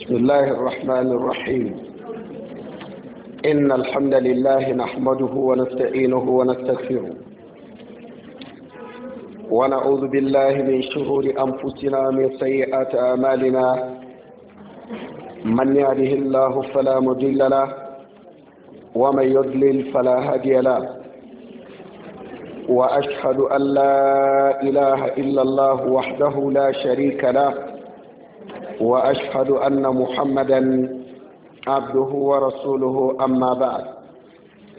بسم الله الرحمن الرحيم إن الحمد لله نحمده ونستعينه ونستغفره ونعوذ بالله من شرور أنفسنا من سيئات أعمالنا من يهده الله فلا مضل له ومن يضلل فلا هادي له واشهد ان لا اله الا الله وحده لا شريك له واشهد ان محمدا عبده ورسوله اما بعد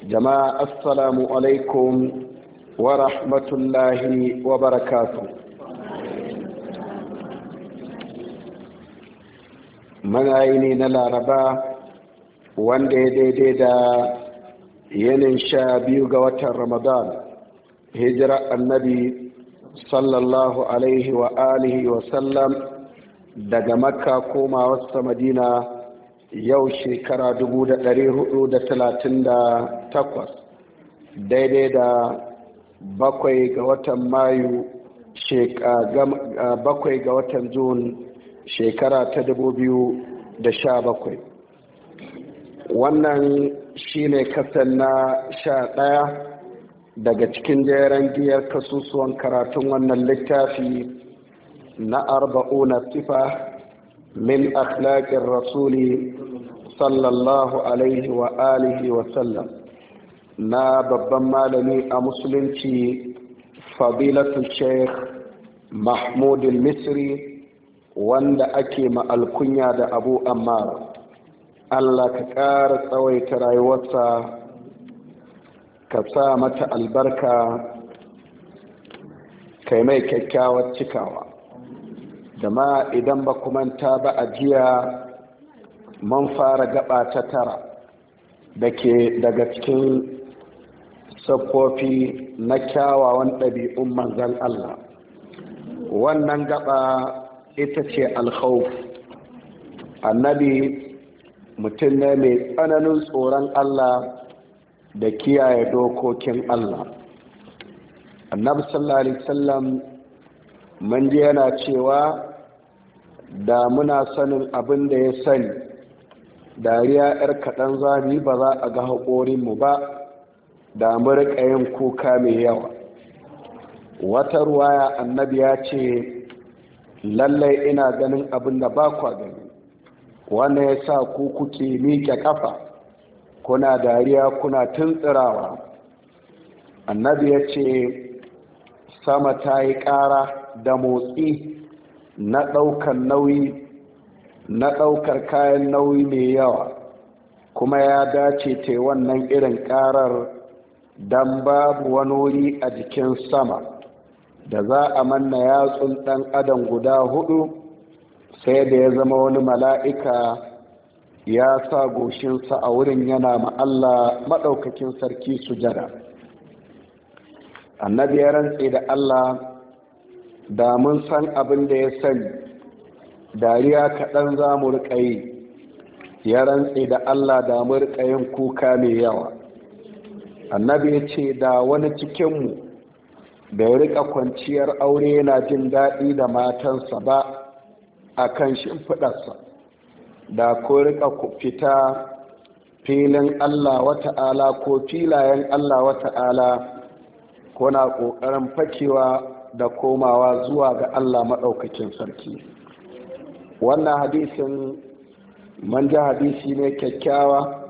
جماعه السلام عليكم ورحمه الله وبركاته من عيني نلا ربا وان دي دي دي دا ينن رمضان هجرة النبي صلى الله عليه وآله وسلم daga makka koma ta madina yau shekara 438 daidai da bakwai ga watan mayu bakwai ga watan jun shekara ta da 2017 wannan shine kasan na sha ɗaya daga cikin jeren giyar kasusuwan karatun wannan littafi na arba'una tifa min akhlaqir rasuli sallallahu alaihi wa alihi wa sallam na babban malami a musulunci fadilatu sheikh mahmud misri wanda ake ma alkunya da abu ammar allah ka ƙara tsawaita rayuwarsa ka sa mata albarka kai mai kyakkyawar cikawa da idan ba ta ba a jiya mun fara gaba ta tara da ke daga cikin sakofi na kyawawan ɗabi'un manzan Allah wannan gaba ita ce alhauf annabi mutum ne mai tsananin tsoron Allah da kiyaye dokokin Allah annabi sallallahu alaihi wasallam mun ji yana cewa da muna sanin abin da ya sani dariya 'yar kaɗan zami ba za a ga haƙorinmu ba da mu yin kuka mai yawa wata ruwaya annabi ya ce lallai ina ganin abin da ba kwa gani wanda ya sa ku kuke miƙe ƙafa kuna dariya kuna tuntsirawa annabi ya ce sama ta yi ƙara da motsi na ɗaukar nauyi na ɗaukar kayan nauyi mai yawa kuma ya dace ta wannan irin ƙarar don babu wani wuri a jikin sama da za a manna yatsun ɗan adam guda hudu sai da ya zama wani mala'ika ya sa goshinsa a wurin yana ma'alla maɗaukakin sarki sujada annabi ya rantse da allah da mun san abin da ya sani dariya kaɗan za mu riƙa yi ya rantse da allah da mu riƙa yin kuka mai yawa annabi ya ce da wani cikinmu da ya riƙa kwanciyar aure yana jin daɗi da matansa ba a kan shimfiɗarsa da ko riƙa fita filin allah wata'ala ko filayen allah wata'ala kuna ƙoƙarin fakewa da komawa zuwa ga Allah maɗaukakin sarki wannan hadisin manja hadisi ne kyakkyawa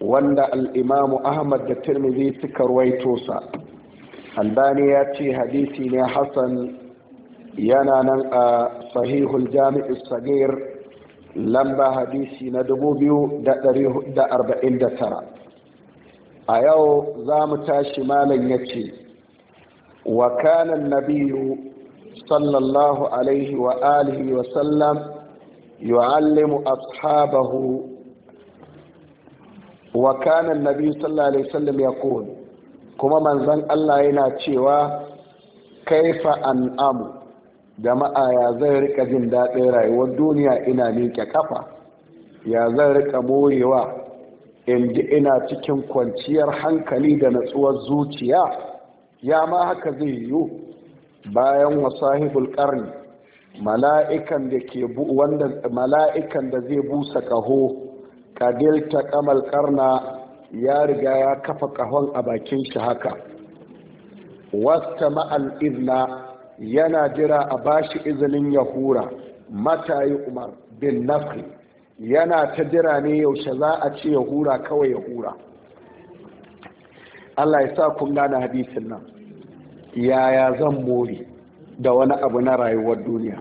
wanda al'imamu ahmad da tirmizi suka ruwaito sa albani ya ce hadisi ne hassan yana nan a sahihul jami'i sagir lamba hadisi na 2449 a yau za mu tashi malam ya ce وكان النبي صلى الله عليه وآله وسلم يعلم أصحابه وكان النبي صلى الله عليه وسلم يقول كما من زن الله ينا تشيوا كيف أنعم جماعة يا زهرك جندات راي والدنيا إنا ميك كفا يا زهرك موريوا in ji ina cikin kwanciyar hankali da natsuwar zuciya ya ma haka zai yiwu bayan wasu karni mala'ikan da mala'ikan da zai busa ƙaho, kadilta kamal karna ya riga ya kafa ƙahon a bakin shi haka wasta ma'al izna yana jira a bashi izinin ya hura mata yi umar bin nafi yana ta jira ne yaushe za a ce ya hura kawai ya hura Allah ya sa kun gane hadisin nan yaya zan more da wani abu na rayuwar duniya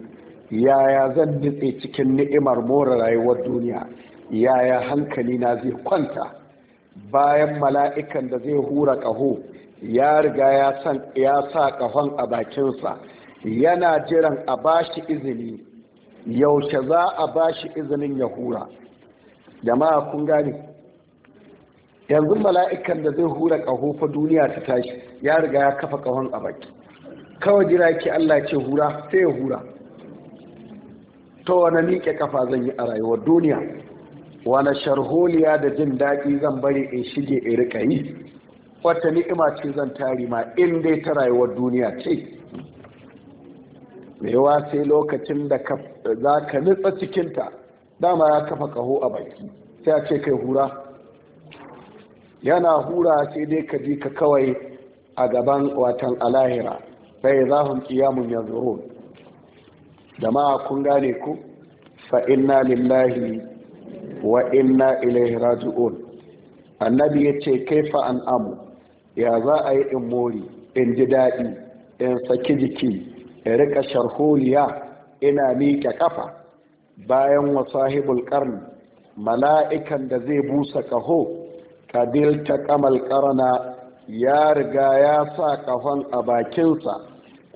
yaya zan nutse cikin ni'imar more rayuwar duniya yaya hankali na zai kwanta bayan mala'ikan da zai hura ƙaho ya riga ya sa ƙahon a bakinsa yana jiran a bashi izini yaushe za a bashi izinin ya hura jama'a kun gane yanzu mala'ikan da zai hura ƙaho fa duniya ta tashi ya riga ya kafa ƙahon a baki kawai jira yake Allah ce hura sai ya hura to wani miƙe kafa zan yi a rayuwar duniya wani sharholiya da jin daɗi zan bari in shige in rika yi wata ni'ima ce zan tari ma in dai ta rayuwar duniya ce yawa sai lokacin da za ka nutsa cikinta dama ya kafa ƙaho a baki sai a ce kai hura yana hura sai dai ka ji ka kawai a gaban watan alahira sai za ya qiyamun Da ma kun gane ku fa inna lillahi wa inna ilaihi raji'un annabi kai kaifa an amu ya za a yi in mori in ji daɗi in saki jiki in rika sharholiya ina miƙe kafa bayan sahibul ƙarni mala'ikan da zai busa ƙaho kadil ta kamal karana ya riga ya sa kafan a bakinsa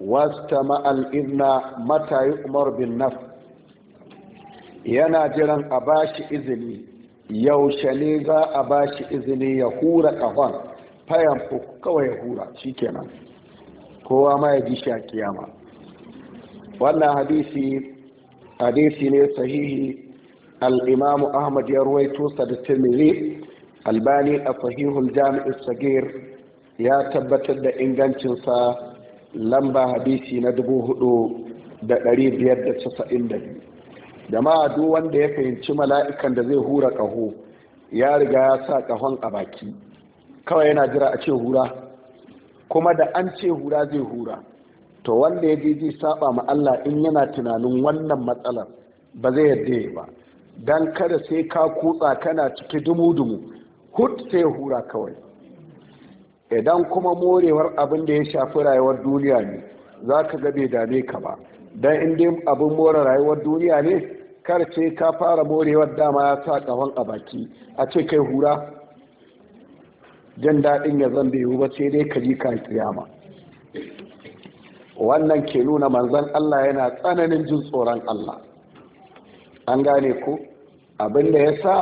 wasta ma'al izna mata yi umar bin naf yana jiran a bashi izini yaushe ne za a bashi izini ya hura kafan fayan kawai ya hura shikenan kowa ma ya ji sha kiyama wannan hadisi hadisi ne sahihi al-imamu ahmad ya ruwaito sa da albani a sahihul jami'in sagir ya tabbatar da ingancinsa lamba hadisi na 4,592 jama'a duk wanda ya fahimci mala'ikan da zai hura ƙaho ya riga ya sa ƙahon a baki kawai yana jira a ce hura kuma da an ce hura zai hura to wanda ya ji zai saba ma Allah in yana tunanin wannan matsalar ba zai yarda ba dan kada sai ka kutsa kana cike dumu-dumu hut sai hura kawai idan kuma morewar abin da ya shafi rayuwar duniya ne za ka ga bai dame ka ba don inda abin more rayuwar duniya ne kar ce ka fara morewar dama ya sa kafan a baki a ce kai hura jin daɗin ya zan bai ba sai dai ka ji ka kiyama wannan ke nuna manzon Allah yana tsananin jin tsoron Allah an gane ku abin da ya sa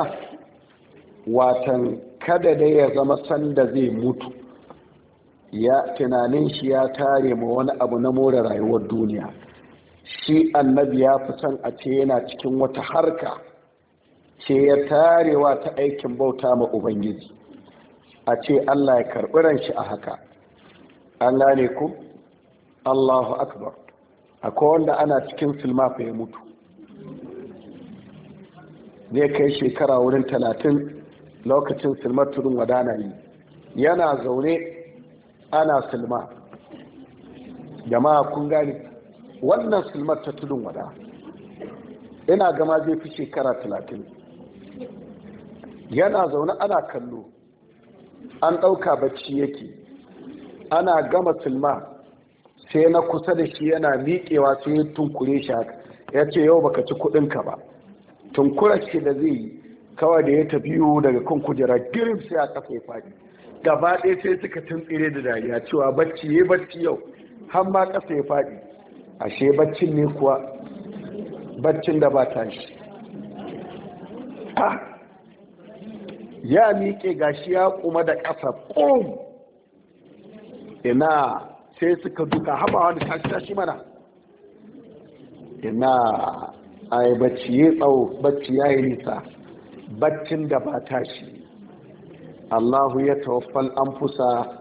watan kada dai ya zama sanda zai mutu ya tunanin shi ya tare ma wani abu na more rayuwar duniya shi annabi ya fi son a ce yana cikin wata harka ce ya tarewa ta aikin bauta ma ubangiji a ce allah ya karɓi ran shi a haka an gane ku allahu akbar A wanda ana cikin silma ya mutu zai kai shekara wurin talatin lokacin silmar tudun wadana yi yana zaune ana silma jama'a kun gane wannan silmar ta tudun wada ina gama zai fi shekara talatin yana zaune ana kallo an ɗauka bacci yake ana gama silma sai na kusa da shi yana miƙewa sai ya tunkure shi haka ya ce yau baka ci kuɗinka ba Tunkura shi da zai yi kawai da ya tafi daga kan kujera girin sai a kafa ya faɗi gaba ɗaya sai suka tuntsire da dariya cewa bacci ya bacci yau har ma ƙasa ya faɗi ashe baccin ne kuwa baccin da ba tashi ya miƙe gashi ya kuma da ƙasa ƙom ina sai suka duka haɓa wani tashi tashi mana ina ai bacci ya tsawo bacci ya yi nisa baccin da ba tashi Allahu ya tawaffal anfusa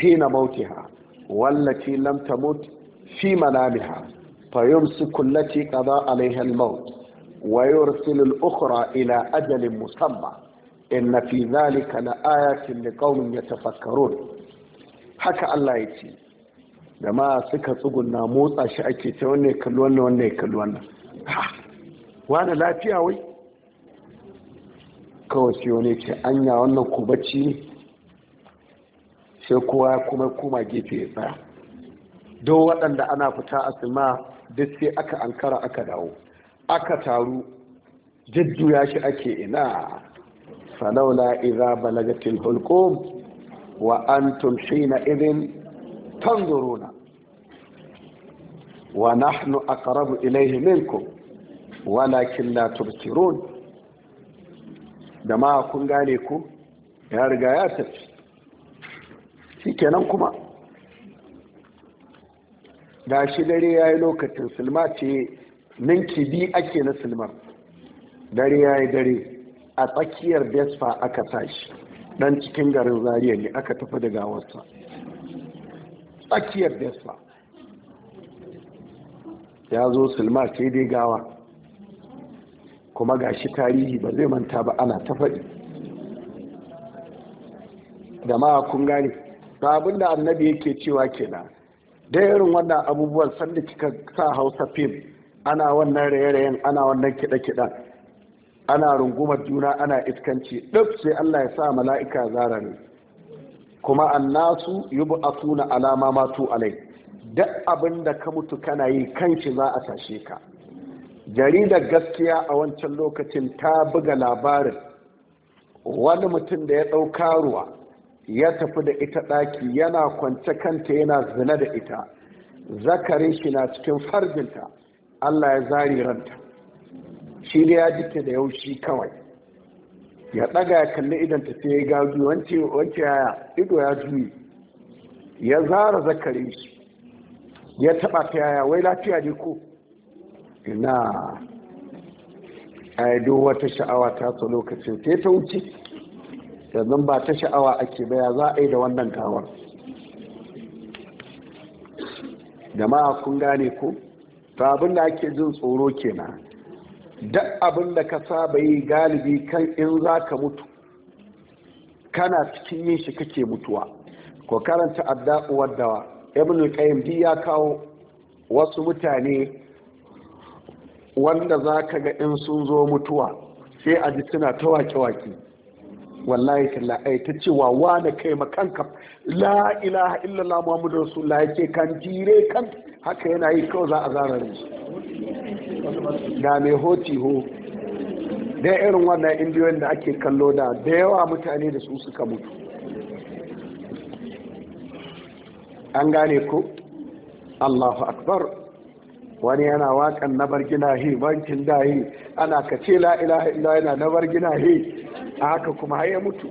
hina mautiha wallati lam tamut fi manamiha fayumsiku allati qada alaiha al-maut wa yursilu al-ukhra ila ajalin musamma inna fi dhalika laayatin liqaumin yatafakkarun haka Allah ya ce jama'a suka tsugunna motsa shi ake ta wanne kallon wanne kallon. wannan lafiya wai kawai sai wani ce anya wannan ko bacci ne sai kowa kuma kuma gefe ya tsaya don waɗanda ana fita a sima duk sai aka ankara aka dawo aka taru jidduya shi ake ina falaula iza balagatin hulqum wa antum shina idin tanzuruna wa nahnu aqrabu ilayhi minkum walakin la tubsirun da ma kun gane ku ya riga ya tafi shi kenan kuma da shi dare ya yi lokacin sulma ce ninki bi ake na silmar dare ya yi dare a tsakiyar vespa aka tashi dan cikin garin zariya ne aka tafi da gawarsa tsakiyar vespa ya zo silma ce dai gawa kuma gashi tarihi ba zai manta ba ana ta faɗi da ma kun gane ba abin da annabi yake cewa kenan da irin wannan abubuwan sanda kika sa hausa fim ana wannan raye-rayen ana wannan kiɗa kiɗa ana rungumar juna ana iskanci duk sai allah ya sa mala'ika zara ne kuma annasu suna alama matu alai Da abin da ka mutu kana yi kanki za a tashe ka jaridar gaskiya a wancan lokacin ta buga labarin wani mutum da ya ɗauka ruwa ya tafi da ita ɗaki yana kwance kanta yana zina da ita zakarin shi na cikin farjinta allah ya zari ranta shi ne ya jike da yaushi kawai ya ɗaga ya kalli idan ta ya gazu wance yaya ido ya juyi ya zara zakarin shi ya taɓa ta yaya wai lafiya ne ko ina a duk wata sha'awa ta su lokacin sai ta wuce yanzu ba ta sha'awa ake baya za a yi da wannan kawar jama'a kun gane ko ta abin da ake jin tsoro kenan duk abin da ka saba yi galibi kan in za ka mutu kana cikin yin shi kake mutuwa ko karanta addu'a dawa ibn qayyim ya kawo wasu mutane wanda za ka ga in sun zo mutuwa sai a ji suna ta wake-wake wallahi ta ai ta wa wane kai makanka la ilaha illallah muhammadu rasulullah yake kan jire kan haka yana yi kawai za a zara ne da mai hoti ho da irin wannan indiyoyin da ake kallo da da yawa mutane da su suka mutu an gane ko allahu akbar wani yana wakan na bargina hi bankin dahi ana ka ce la ilaha illa yana na bargina hi a haka kuma har ya mutu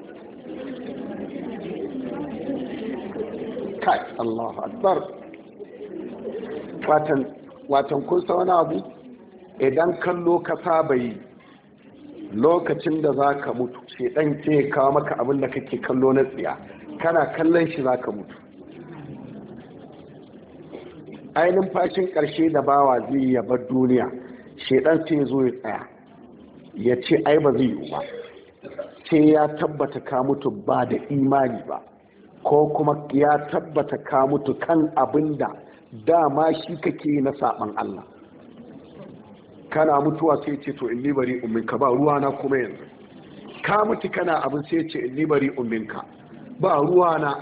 kai Allahu akbar watan kun san abu idan kallo ka saba yi lokacin da za ka mutu sai dan ke kawo maka abin da kake kallo na tsiya kana kallon shi za ka mutu ainihin fashin ƙarshe da bawa zai ya bar duniya shaidan sai zo ya tsaya ya ce ai ba zai yi ba sai ya tabbata ka mutu ba da imani ba ko kuma ya tabbata ka mutu kan abin da dama shi kake na saɓan Allah kana mutuwa sai ce to inni bari umminka ba ruwa na kuma yanzu ka mutu kana abin sai ce inni bari umminka ba ruwa na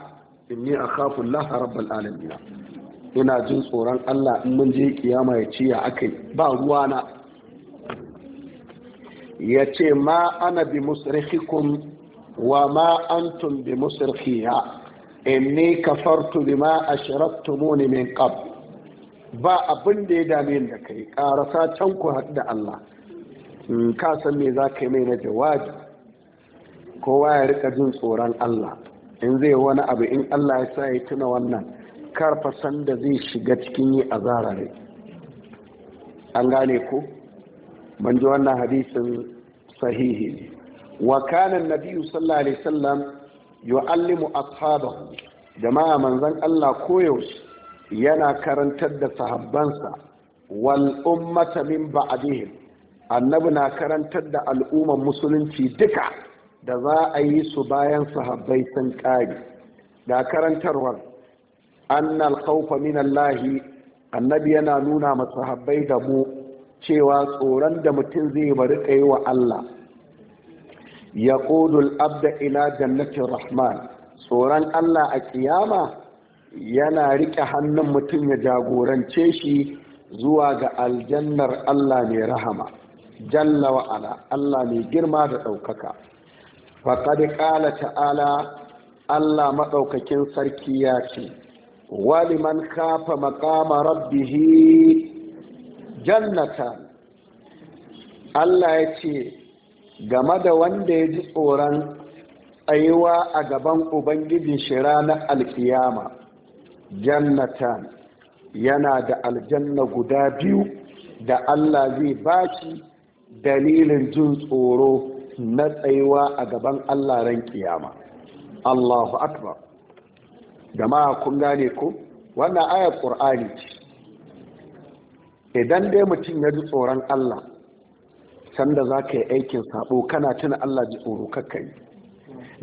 inni akhafu Allah rabbal alamin ina jin tsoron Allah in mun je kiyama ya ciya akai ba na. ya ce ma ana bi musrikhikum wa ma antum bi musrikhiya inni kafartu bima ashraktumuni min qab ba abin da ya dame da kai karasa can ku da Allah ka san me za ka yi mai na jawabi kowa ya rika jin tsoron Allah in zai wani abu in Allah ya sa ya tuna wannan karfa sanda zai shiga cikin yi a zarare an gane ku. ban ji wannan hadisin sahihi ne wa kana nabiyu sallallahu alaihi wasallam yu'allimu ashabahu jama'a manzon Allah koyaushe yana karantar da sahabbansa wal ummata min ba'dihim annabi na karantar da al'umman musulunci duka da za a yi su bayan sahabbai sun kare da karantarwar annal khawfa min Allah annabi yana nuna masahabbai da mu cewa tsoron da mutum zai bari kai wa Allah ya qudul abda ila jannatin rahman tsoron Allah a kiyama yana rike hannun mutum ya jagorance shi zuwa ga aljannar Allah mai rahama jalla wa ala Allah mai girma da ɗaukaka faƙaɗi ƙala ta'ala Allah maɗaukakin sarki ya ce waliman kafa makama rabbihi jannatan Allah ya ce game da wanda ya ji tsoron tsayuwa a gaban ubangijin shi ranar alkiyama jannatan yana da aljanna guda biyu da Allah zai baki dalilin jin tsoro na tsayuwa a gaban Allah ran kiyama Allahu akbar jama'a kun gane ko wannan ayar qur'ani ce idan dai mutum ya ji tsoron Allah sanda za ka yi aikin sabo kana tuna Allah ji tsoro kakka yi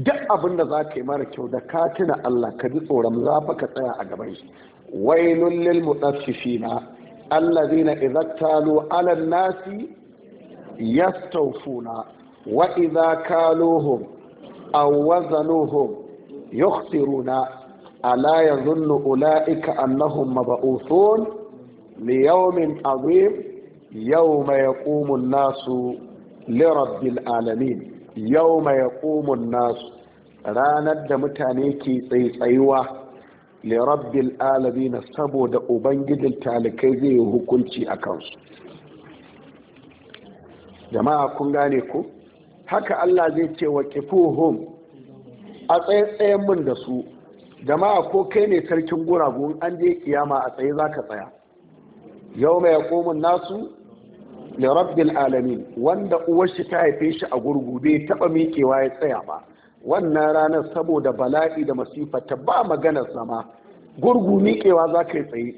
duk abin da za ka yi mara kyau da ka tuna Allah ka ji tsoron za fa ka tsaya a gaban shi wailul lil mutaffifina allazina idza talu ala nasi yastawfuna wa idza kaluhum aw wazanuhum yukhsiruna ala zunnu ula'ika annahum mab'uthun li yawmin azim yawma yaqumu an-nasu li rabbil alamin yawma yaqumu an-nasu ranar da mutane ke tsaitsayuwa li rabbil alamin saboda ubangijin talikai zai yi hukunci a kansu jama'a kun gane ku haka Allah zai ce wa kifuhum a tsaitsayen mun da su jama'a ko kai ne sarkin guragu an je kiyama a tsaye za ka tsaya yau mai komun nasu da rabbil alamin wanda uwar shi ta haife shi a gurgu bai taba miƙewa ya tsaya ba wannan ranar saboda bala'i da masifa ta ba maganar sama gurgu miƙewa za ka yi tsaye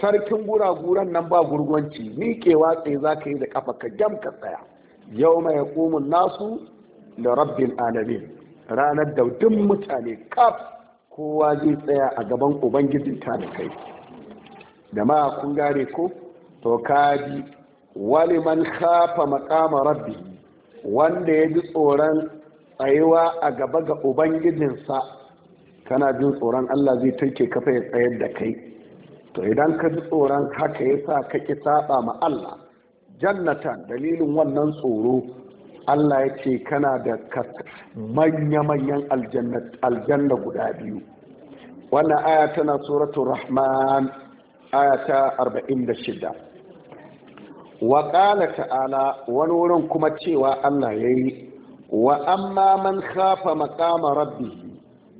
sarkin ran nan ba gurgwanci miƙewa tsaye za ka yi da kafa ka jam ka tsaya yau mai komun nasu da rabbil alamin ranar da duk mutane kaf kowa zai tsaya a gaban ubangijin ta da kai da ma kun gane ko to kaji wani man kafa makama rabbi wanda ya ji tsoron tsayuwa a gaba ga ubangijinsa kana jin tsoron allah zai turke kafa ya tsayar da kai to idan ka ji tsoron haka ya sa ka ki saba ma allah jannatan dalilin wannan tsoro Allah ya ce kana da manya-manyan aljanna guda biyu wannan aya tana suratun rahman aya ta 46 wa ƙala ta'ala wani wurin kuma cewa Allah ya yi wa amma man khafa maƙama rabbi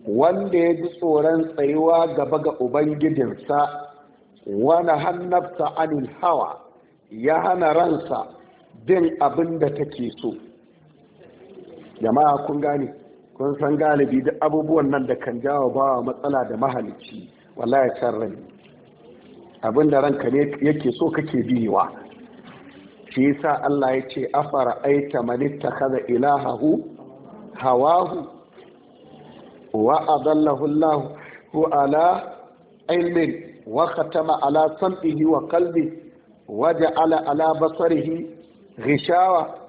wanda ya ji tsoron tsayuwa gaba ga ubangijinsa wani hannabta anil hawa ya hana ransa bin abin da take so jama'a kun gane kun san galibi duk abubuwan nan da kan jawo bawa matsala da mahalicci wallahi can rai abin da ranka ne yake so kake biyewa shi yasa Allah ya ce afara aita manitta kaza ilahahu hawahu wa adallahu Allah ala ilmin wa khatama ala sam'ihi wa qalbi wa ja'ala ala basarihi ghishawa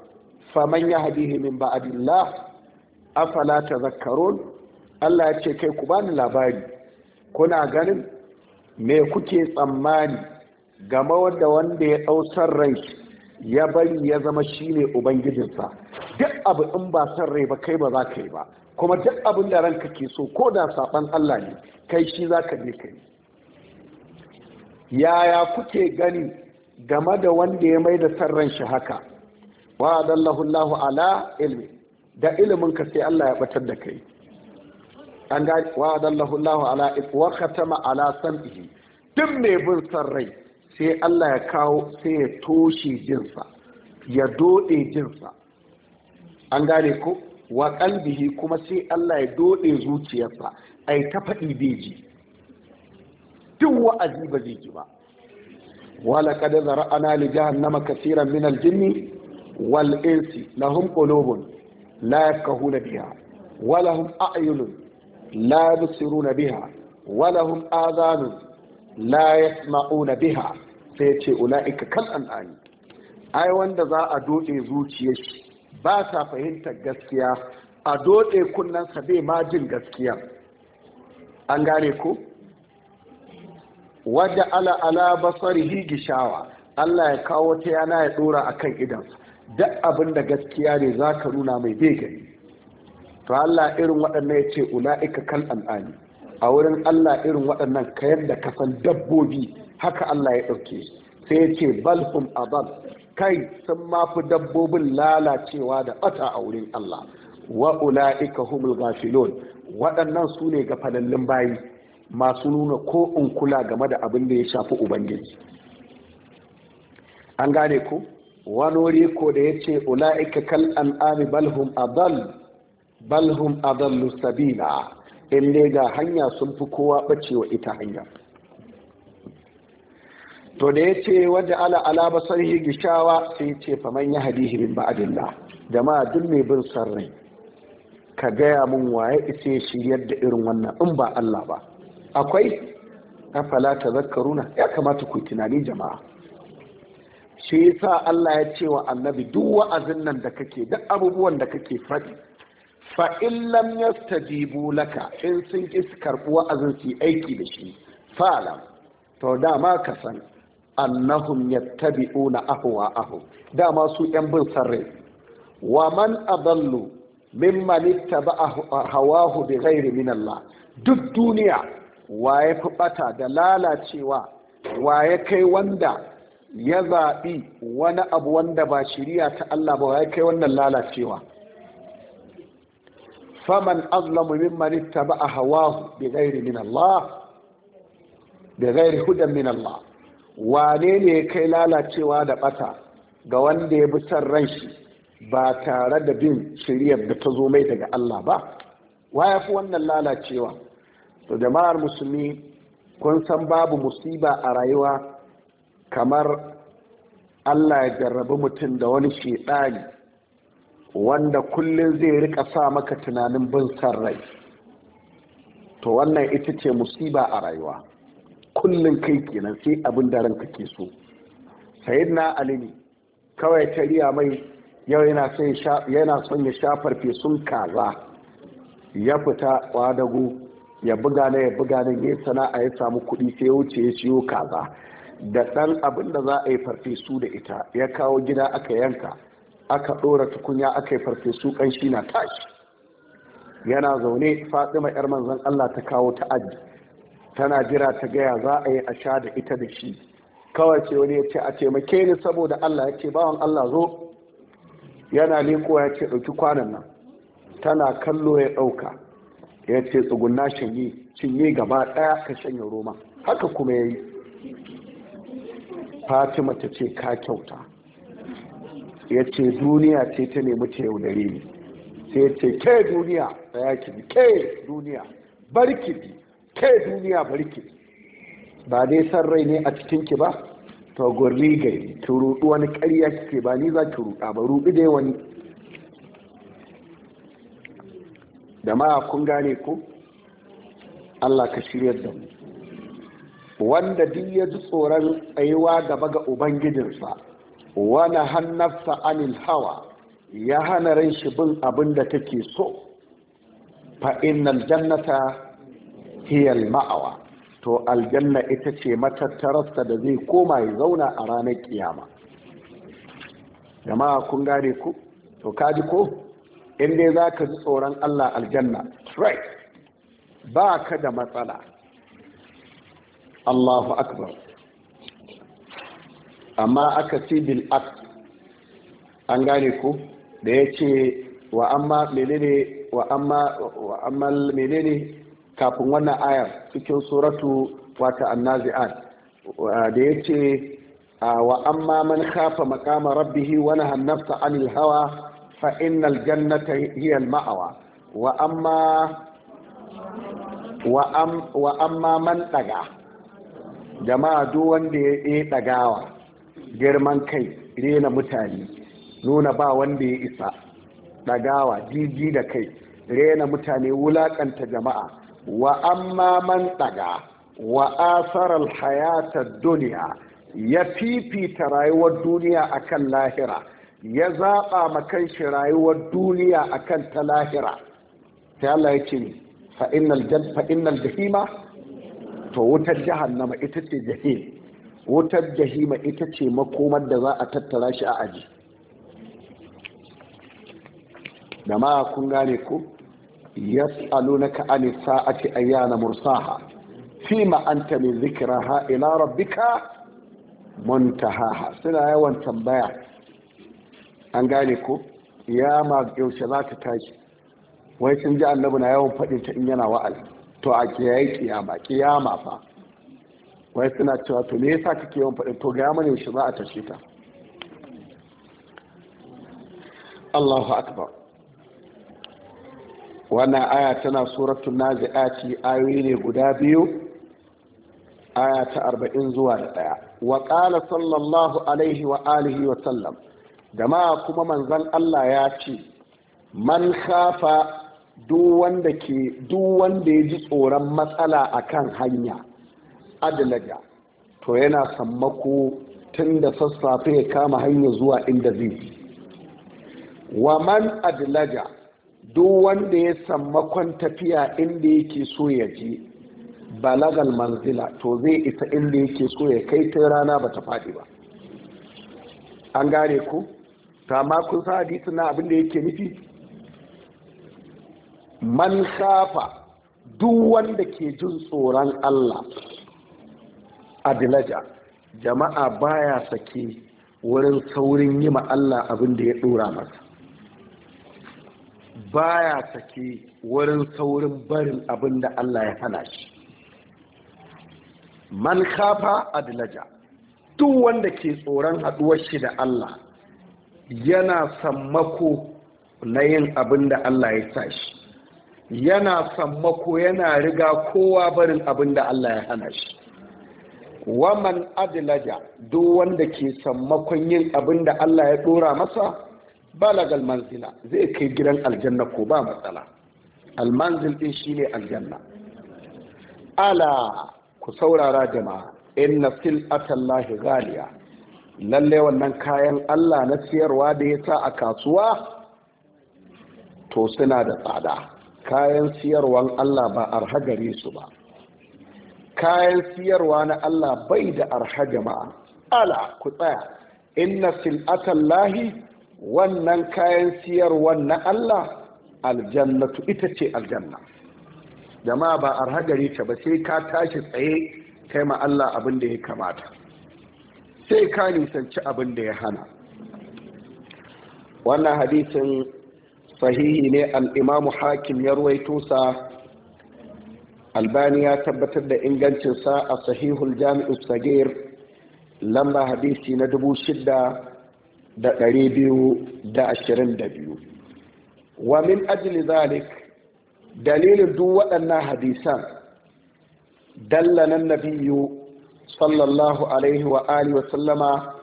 faman ya hadihi min ba'adillah afala Zakarun. Allah ya ce kai ku bani labari kuna ganin me kuke tsammani game wanda wanda ya ɗausar rai ya bari ya zama shine ubangijinsa duk abu in ba san rai ba kai ba za ka yi ba kuma duk abin da ranka ke so ko da saban Allah ne kai shi za ka je kai yaya kuke gani game da wanda ya mai da san ran shi haka wa adallahu Allahu ala ilmi da ilimin ka sai Allah ya batar da kai an ga wa adallahu Allahu ala wa khatama ala sam'ihi duk mai bin san rai sai Allah ya kawo sai ya toshe jinsa ya dode jinsa an gane ko wa kalbihi kuma sai Allah ya dode zuciyarsa ai ta faɗi beji duk wa'azi ba zai ji ba wala kad zara'ana li jahannama kaseeran min al-jinni wal insi lahum qulubun la yafqahuna biha wa lahum a'yunun la yusiruna biha wa lahum adhanun la yasma'una biha sai ce ula'ika kal an'ani ai wanda za a dode zuciyar shi ba sa fahimtar gaskiya a dode kunnansa bai ma jin gaskiya an gane ko wadda ala ala basarihi gishawa Allah ya kawo ta yana ya dora akan idansa duk abin da gaskiya ne za ka nuna mai bai gani to Allah irin waɗannan ya ce ula'ika kan al'ani a wurin Allah irin waɗannan kayan da san dabbobi haka Allah ya ɗauke sai ya ce balhum abal kai sun mafi dabbobin lalacewa da ɓata a wurin Allah wa ula'ika humul gafilon waɗannan su ne gafalallin bayi masu nuna ko in kula game da abin da ya shafi ubangiji an gane ko wani wuri ko da ya ce ula'ika kal an'ami balhum adal balhum adallu sabila in ne ga hanya sun fi kowa bacewa ita hanya to da ya ce wadda ala ala basarhi gishawa sai ce faman ya hadihi min ba'adillah jama'a duk mai bin san rai ka gaya mun waye ise shiryar da irin wannan in ba Allah ba akwai afala zakaruna ya kamata ku tunani jama'a shi yasa Allah ya ce wa annabi duk wa'azin nan da kake duk abubuwan da kake faɗi fa in lam yastajibu laka in sun ki su karɓi wa'azin su aiki da shi Fala to dama ka san annahum yattabi'una ahwa'ahum dama su yan bin sarrai wa man adallu mimman ittaba'a hawahu bighairi min Allah duk duniya wa ya fi bata da lalacewa wa ya kai wanda ya zaɓi wani abu wanda ba shiriya ta Allah ba ya kai wannan lalacewa faman azlamu mimman ittaba'a hawahu bi ghairi min Allah bi hudan min Allah wane ne ya kai lalacewa da ɓata ga wanda ya bi san ran shi ba tare da bin shiriyar da ta zo mai daga Allah ba waya fi wannan lalacewa to jama'ar musulmi kun san babu musiba a rayuwa kamar allah ya jarrabi mutum da wani shiɗari, wanda kullum zai rika sa maka tunanin bin san rai to wannan ita ce musiba a rayuwa kullum kai kenan sai abin da ranka ke so sayidna ali ne kawai ta riya mai yau yana son ya sha farfesun kaza ya fita kwadago ya buga na ya buga na ya sana'a ya samu kuɗi sai ya wuce ya siyo kaza da ɗan abin da za a yi farfesu da ita ya kawo gida aka yanka aka ɗora tukunya aka yi farfesu ƙanshi na tashi yana zaune fatima yar manzan allah ta kawo ta'addi tana jira ta gaya za a yi a sha da ita da shi kawai ce wani ya ce a taimake ni saboda allah ya ce bawan allah zo yana leko ya ce ɗauki kwanan nan tana kallo ya ɗauka ya ce tsugunna shanye cinye gaba ɗaya ka shanye roma haka kuma ya yi fatima ta ce ka kyauta ya ce duniya ce ta nemi ta yaudare ni sai ya ce ke duniya ya bi ke duniya barki bi ke duniya barki ba dai san rai ne a cikinki ba to gurri gari ki rudu wani karya kike ba ni za ki ruɗa ba ruɗu dai wani da ma kun gane ko Allah ka shirya da mu wanda duk ya ji tsoron tsayuwa gaba ga ubangijinsa wani hannarsa anil hawa ya hana ran shi bin abin da take so fa innal jannata hiyal ma'awa to aljanna ita ce matattararsa da zai koma ya zauna a ranar kiyama jama'a kun gane ku to kaji ko in dai za ka ji tsoron allah aljanna right ba ka da matsala Allahu akbar amma aka ce bil akt an gane ku da ya ce wa amma menene wa amma wa amma menene kafin wannan ayar cikin suratu wata annazi'at da ya ce wa amma man khafa maqama rabbihi wa nahan nafsa anil hawa fa innal jannata hiya al ma'awa wa amma wa amma man daga jama'a duk wanda ya ɗagawa girman kai rena mutane nuna ba wanda ya isa ɗagawa jiji da kai rena mutane wulaƙanta jama'a wa amma man ɗaga wa asarar hayatar duniya ya fifita rayuwar duniya akan lahira ya zaɓa makan shi rayuwar duniya akan ta lahira ta Allah ya ce fa'innal jahima to wutar jahannama ita ce jahil wutar jahima ita ce makomar da za a tattara shi a aji da ma kun gane ku yas'alunaka an sa'ati ayyana mursaha fima anta min zikraha ila rabbika muntahaha suna yawan tambaya an gane ku ya ma yaushe za ta tashi wai sun ji annabi na yawan faɗin ta in yana wa'azi to a kiyaye kiyama kiyama fa wai suna cewa to me yasa kake yawan faɗin to ga mana yaushe za a tashi ta Allahu akbar wannan aya tana suratul nazi'ati ayoyi ne guda biyu aya ta arba'in zuwa da ɗaya wa ƙala sallallahu alaihi wa alihi wa sallam Da ma kuma manzon Allah ya ce man khafa duk wanda duk wanda ya ji tsoron matsala a kan hanya adalaga to yana sammako tun da sassafe ya kama hanya zuwa inda zai wa man adalaga duk wanda ya sammakon tafiya inda yake so ya je balagal manzila to zai isa inda yake so ya kai ta rana ba ta faɗi ba an gane ku ta makon sa'adi suna abinda na abin yake nufi man khafa duk wanda ke jin tsoron Allah adilaja jama'a baya sake wurin saurin yi ma Allah abin da ya dora masa baya sake wurin saurin barin abin da Allah ya hana shi man khafa adilaja duk wanda ke tsoron haɗuwar shi da Allah yana sammako na yin abin da Allah ya sa shi yana sammako yana riga kowa barin abin da Allah ya hana shi waman adilaja duk wanda ke sammakon yin abin da Allah ya dora masa balagal manzila zai kai gidan aljanna ko ba matsala almanzil din shine aljanna ala ku saurara jama'a inna atallahi ghaliya lalle wannan kayan Allah na siyarwa da ya sa a kasuwa to suna da tsada kayan siyarwan Allah ba arha gare su ba kayan siyarwa na Allah bai da arha jama'a ala ku tsaya inna sil'atan lahi wannan kayan siyarwan na Allah aljannatu ita ce aljanna jama'a ba arha gare ta ba sai ka tashi tsaye kai ma Allah abin da ya kamata sai ka nisanci abin da ya hana wannan hadisin sahihi ne al'imamu hakim ya ruwaito sa albani ya tabbatar da ingancinsa a sahihul jami'u sagir lamba hadisi na dubu shida da ɗari biyu da ashirin da biyu wa min ajili zalik dalilin duk waɗannan hadisan dallanan biyu, sallallahu alaihi wa alihi wa sallama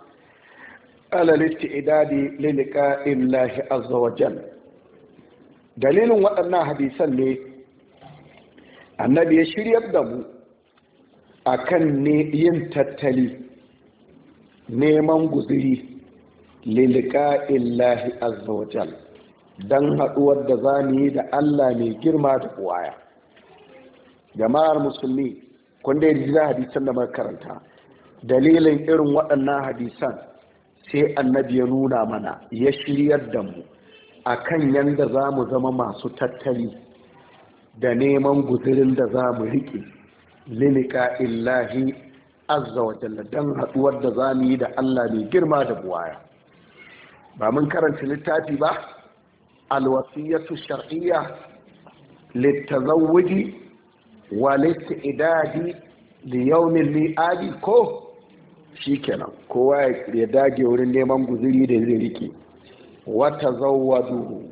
ala idadi lilika illahi azza dalilin waɗannan hadisan ne annabi ya shiryar da mu kan yin tattali neman guziri lilika illahi azzawajal don haɗuwar da za mu yi da allah mai girma da kuwaya jama'ar musulmi kun ya jira hadisan da makaranta dalilin irin waɗannan hadisan sai annabi ya nuna mana ya shiryar da mu a kan yadda za mu zama masu tattali da neman guzirin da za mu riƙe lilika illahi azza wa jalla don haɗuwar da za mu yi da allah mai girma da buwaya ba mun karanta littafi ba alwasiyatu shar'iyya littazawuji wa littidadi liyaumin li'adi ko shikenan kowa ya dage wurin neman guziri da zai rike watazawwadu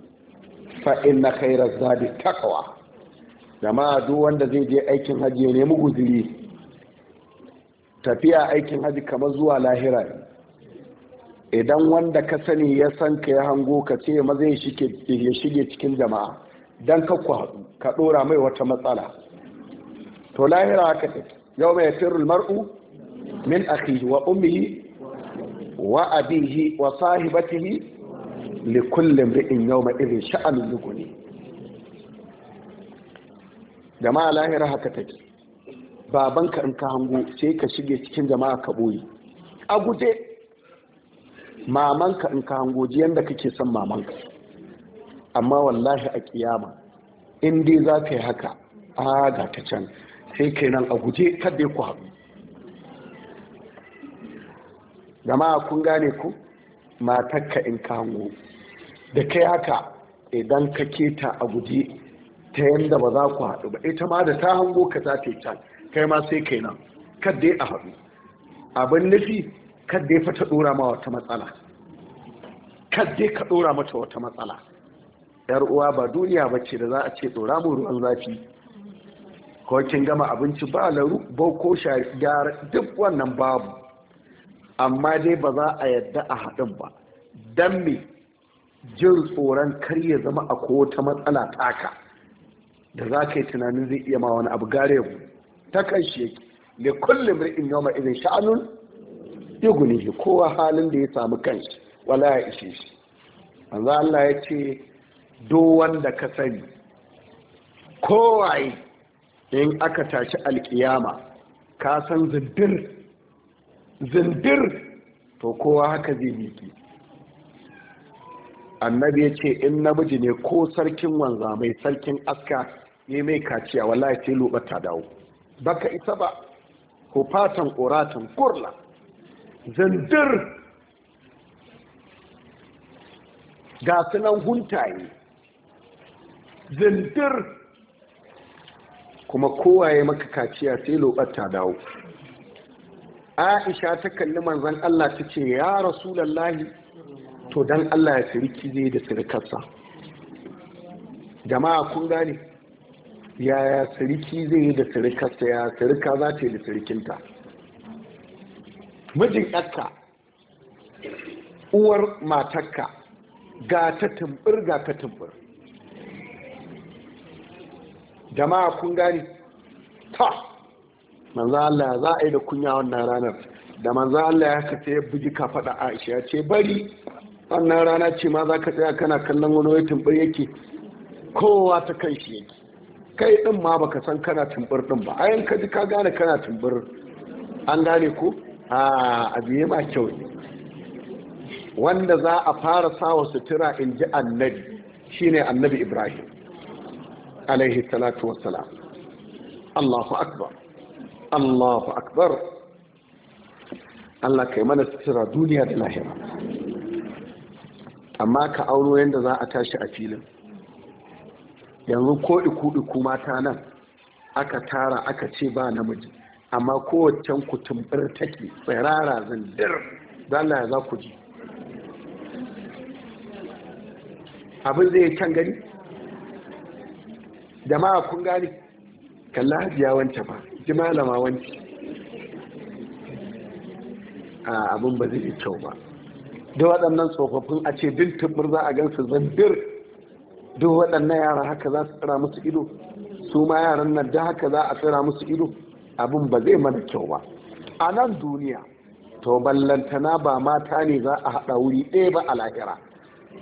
fa inna khayra zadi taqwa jama'a duk wanda zai je aikin hajji ya nemi guziri tafiya aikin haji kamar zuwa lahira idan wanda ka sani ya san ka ya hango ka ce maza ya shige cikin jama'a dan ka ka dora mai wata matsala to lahira haka take yau mai firul mar'u min akhihi wa ummihi wa abihi wa sahibatihi likullin ri'in yau irin sha'anin yuguni jama'a lahira haka take babanka in ka hango sai ka shige cikin jama'a ka boye a guje mamanka in ka hango ji yadda kake son mamanka amma wallahi a kiyama in dai za ka yi haka a ga ta can sai kai nan a guje kadai ku haɗu jama'a kun gane ku matakka in ka hango da kai haka idan ka keta a guje ta yadda ba za ku haɗu ba ita ma da ta hango ka za ta yi can kai ma sai kai nan kadda ya haɗu abin nufi kadda ya fata ɗora ma wata matsala kadda ka ɗora mata wata matsala yar uwa ba duniya ba ce da za a ce ɗora mu ruwan zafi ko kin gama abinci ba laru ba ko shari duk wannan babu amma dai ba za a yadda a haɗin ba don me jin tsoron kar ya zama a wata matsala taka da za ka yi tunanin zai iya ma wani abu gare mu ta kan shi yake kullum ri'in yau izin sha'anun iguni kowa halin da ya samu kanshi wala ya ishe shi manzo Allah ya ce do wanda ka sani kowaye in aka tashi alkiyama ka san zindir zindir to kowa haka zai miki annabi ya ce in namiji ne ko sarkin wanza mai sarkin aska ne mai kaciya wallahi sai lobar ta dawo baka isa ba ko fatan ƙoratan kurla zindir ga sunan huntaye zindir kuma kowaye maka kaciya sai lobar ta dawo aisha ta kalli manzon Allah ta ce ya rasulallahi to dan Allah ya siriki zai da sirikarsa jama'a kun gane yaya siriki zai yi da sirikarsa ya sirika za ta yi da sirikinta mijin ƙasa uwar matarka ga ta tumbur ga ta tumbur jama'a kun gane ta manzo Allah za a yi da kunya wannan ranar da manzo Allah ya kace ya buji ka faɗa Aisha ya ce bari wannan rana ce ma za ka tsaya kana kallon wani wai tumbur yake kowa ta kan shi yake kai din ma baka san kana tumbur din ba ayan ka ji ka gane kana tumbur an gane ko a abiye ma kyau ne wanda za a fara sawa sutura in ji annabi shine annabi Ibrahim alaihi salatu wassalam Allahu akbar Allahu akbar Allah kai mana sutura duniya da lahira amma ka auro yadda za a tashi a filin yanzu ko iku-iku mata nan aka tara aka ce ba namiji amma kowace ku take tsirara zindir ya za ku ji abin zai can gani jama'a kun gani kalla hajiya wancan ba ki malama wanci a abin ba zai kyau ba da waɗannan tsofaffin a ce bin tumbur za a gansu zambir duk waɗannan yara haka za su tsira musu ido su ma yaran nan da haka za a tsira musu ido abin ba zai mana kyau ba a nan duniya to ballantana ba mata ne za a haɗa wuri ɗaya ba a lahira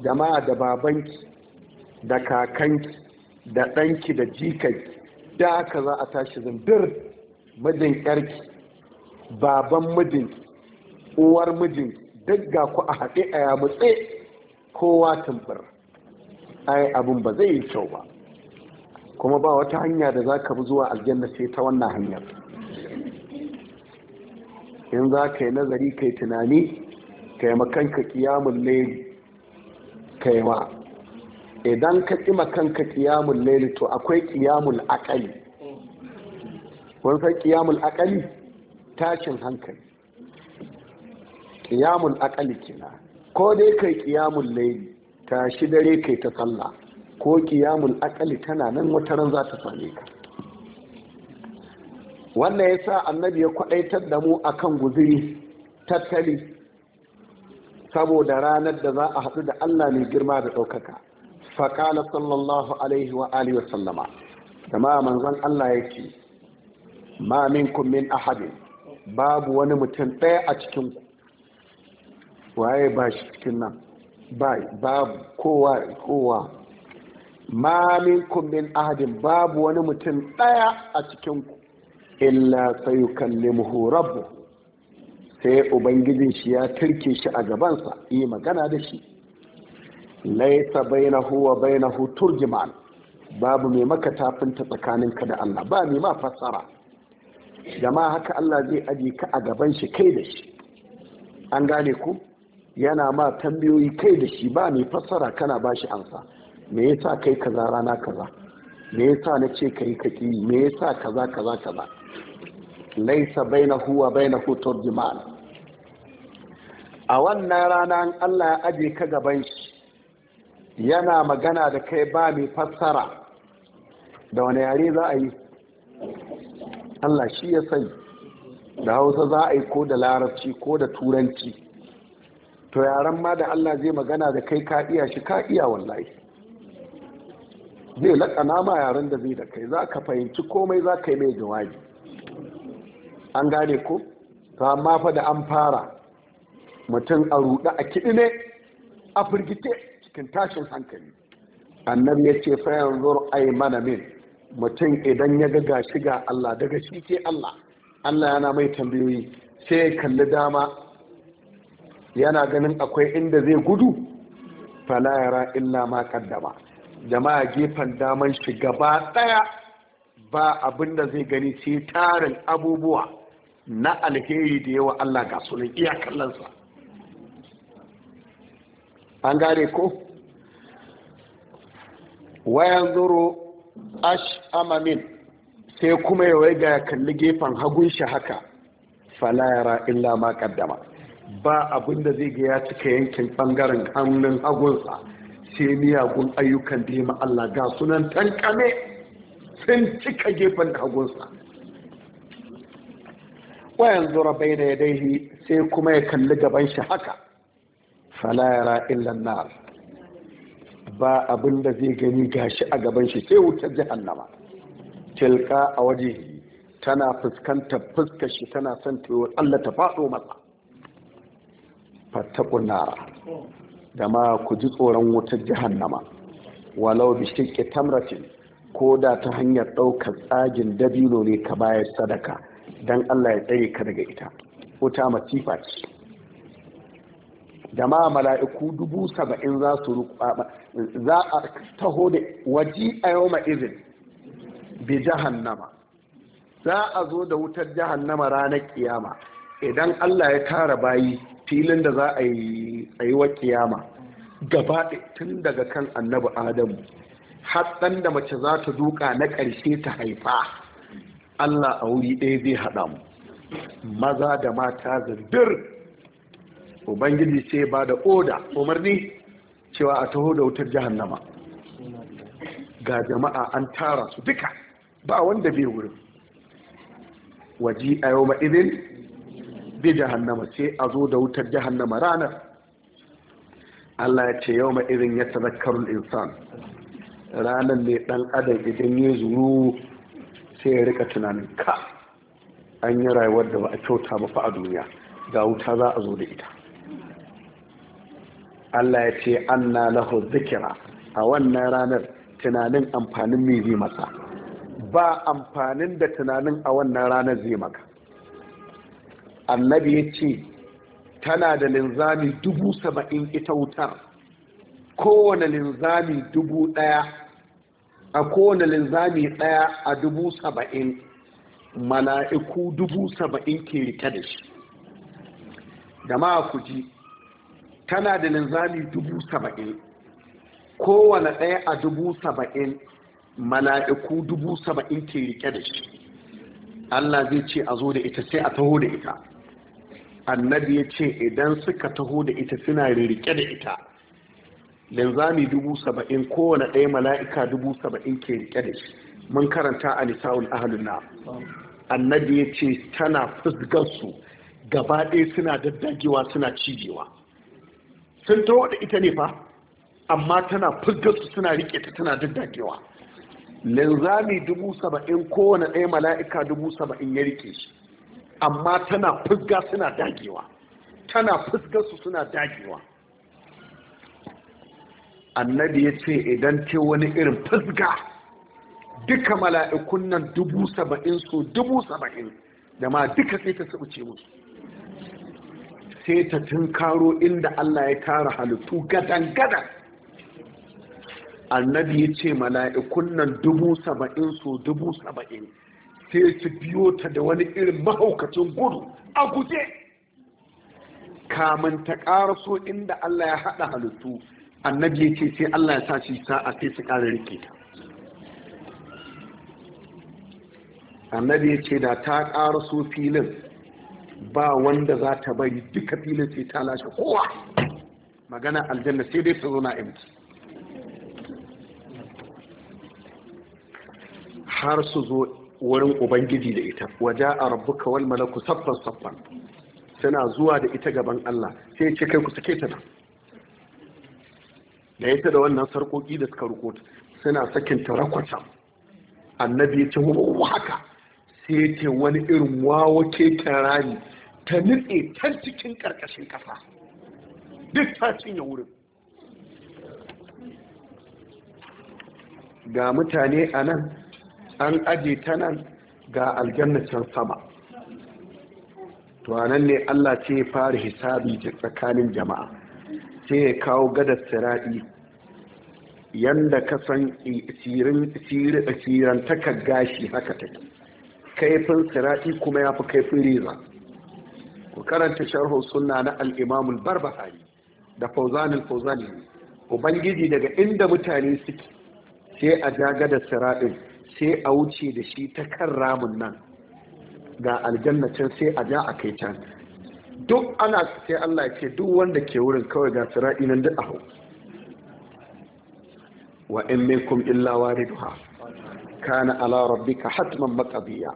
jama'a da babanki da kakanki da ɗanki da jikai da haka za a tashi zambir. mijin ƙarki baban mijin uwar mijin duk ku a haɗe a yamutse kowa tumbur ai abin ba zai yi kyau ba kuma ba wata hanya da za ka bi zuwa aljanna sai ta wannan hanyar in za ka yi nazari ka yi tunani ka yi makanka kiyamun laili ka yi ma idan ka ƙi makanka ƙiyamun laili to akwai ƙiyamun aƙali. kun san qiyamul akali? tashin hankali qiyamul akali kina ko dai kai qiyamul layli tashi dare kai ta sallah ko qiyamul akali tana nan wata ran za ta same ka wannan yasa annabi ya kwadaitar da mu akan guziri tattali saboda ranar da za a haɗu da Allah mai girma da ɗaukaka faƙala sallallahu alaihi wa alihi wa sallama jama'a manzon Allah yake ma minkum min ahadin babu wani mutum ɗaya a cikin ku waye ba shi cikin nan babu kowa kowa ma minkum min ahadin babu wani mutum ɗaya a cikin ku illa sayukallimuhu rabbu sai ubangijin shi ya turke shi a gabansa yi magana da shi laisa bainahu wa bainahu turjiman babu mai ta tsakanin tsakaninka da Allah ba mai ma fassara jama'a haka Allah zai aje ka a gaban shi kai da shi an gane ku yana ma tambayoyi kai da shi ba mai fassara kana ba shi ansa me yasa kai kaza rana kaza me yasa na ce kai kaki me yasa kaza kaza kaza laisa baina huwa baina bainahu turjuman a wannan rana Allah ya aje ka gaban shi yana magana da kai ba mai fassara da wani yare za a yi Allah shi ya sani da hausa za a yi ko da larabci ko da turanci to yaren ma da Allah zai magana da kai ka iya shi ka iya wallahi zai laƙana ma yaran da zai da kai za ka fahimci komai za ka yi mai jawabi an gane ko to amma fa da an fara mutum a ruɗa a kiɗi ne a firgite cikin tashin hankali annabi ya ce fayan a ai mana min mutum idan ya ga gashi ga Allah daga shi ke Allah Allah yana mai tambayoyi sai kalli dama yana ganin akwai inda zai gudu fala yara illa ma kaddama jama'a gefen daman shi gaba daya ba abin da zai gani sai tarin abubuwa na alheri da yawa Allah ga sunan kallonsa an gane ko wayan zuro ash amamin sai kuma ya waiga ya kalli gefen hagun shi haka fala yara illa ma kaddama ba abin da zai ga ya cika yankin bangaren hannun hagunsa sai miyagun ayyukan da ya Allah ga sunan tankame sun cika gefen hagunsa wayan zura bai da yadaihi sai kuma ya kalli gaban shi haka fala yara illa nar ba abin da zai gani gashi a gaban shi sai wutar jahannama tilka a waje tana fuskantar fuskar shi tana son tewa Allah ta faɗo masa fattakun nara da ma ku ji tsoron wutar jahannama walau bi shiƙe tamratin ko da ta hanyar ɗaukar tsagin dabino ne ka bayar sadaka don Allah ya tsare ka daga ita wuta masifa ce da mala'iku dubu saba'in za su za a taho da waji a yau izin bi jahannama za a zo da wutar jahannama ranar kiyama idan Allah ya tara bayi filin da za a yi wa kiyama gaba tun daga kan annabi adamu hatsan da mace za ta duka na ƙarshe ta haifa Allah a wuri ɗaya zai haɗa mu maza da mata zardir ubangiji sai ba da oda umarni cewa a taho da wutar jahannama ga jama'a an tara su duka ba wanda bai wurin waji a yau ma'izin bi jahannama sai a zo da wutar jahannama ranar Allah ya ce yau ma'izin ya tazakkarun insan ranar ne dan adam idan ya zuru sai ya rika tunanin ka an yi rayuwar da ba a kyauta ba fa a duniya ga wuta za a zo da ita Allah ya ce anna lahu zikira a wannan ranar tunanin amfanin mai zai masa ba amfanin da tunanin a wannan ranar zai maka annabi ya ce tana da linzami dubu saba'in ita wutar kowane linzami dubu ɗaya a kowane linzami ɗaya a dubu saba'in mala'iku dubu saba'in ke rike da shi da ma ku ji tana da linzami dubu saba'in kowane ɗaya a dubu saba'in mala'iku dubu saba'in ke rike da shi Allah zai ce a zo da ita sai a taho da ita annabi ya ce idan suka taho da ita suna rike da ita linzami dubu saba'in kowane ɗaya mala'ika dubu saba'in ke rike da shi mun karanta a nisa'ul ahaluna annabi ya ce tana fusgarsu gaba ɗaya suna daddagewa suna cijewa sun ta da ita ne fa amma tana furgar su suna rike ta tana daddakewa linzami dubu saba'in kowane ɗaya mala'ika dubu saba'in ya rike shi amma tana fusga suna dagewa tana fuskar su suna dagewa annabi ya ce idan ce wani irin fusga duka mala'ikun nan dubu saba'in so dubu saba'in da ma duka sai ta ce musu sai ta karo inda Allah ya tara halittu gadan-gadan annabi ya ce mala'ikun nan dubu saba'in so dubu saba'in sai su biyo ta da wani irin mahaukacin gudu a guje kamun ta so inda Allah ya haɗa halittu annabi ya ce sai Allah ya sa shi sa'a sai su ƙara rike ta annabi ya ce da ta ƙaraso filin ba wanda za ta bari duka filin sai ta lashe kowa magana aljanna sai dai ta zo na empty har su zo wurin ubangiji da ita waje a rabbuka wal malaku saffan saffan suna zuwa da ita gaban Allah sai ya ce kai ku sake ta nan da ya da wannan sarkoki da suka ruko suna sakin ta rakwata annabi ya ce wa haka sai ta wani irin wawa ke kirari ta nutse can cikin ƙarƙashin ƙasa duk ta cinye wurin ga mutane a nan an aje ta nan ga aljannacin sama tuwanan ne Allah ce ya fara hisabi tsakanin jama'a sai ya kawo gadar sira'i yadda ka san sirantakar gashi haka take kaifin sira'i kuma ya fi kaifin reza ku karanta sharho, sunna na al-imam al-barbahari da fawzan al-fawzani ubangiji daga inda mutane suke sai a jaga da siradin, sai a wuce da shi ta kan ramin nan ga aljannacin sai a ja a kai can duk ana sai Allah ya ce duk wanda ke wurin kawai ga sirati nan duk a hau wa in minkum illa waridha kana ala rabbika hatman maqdiya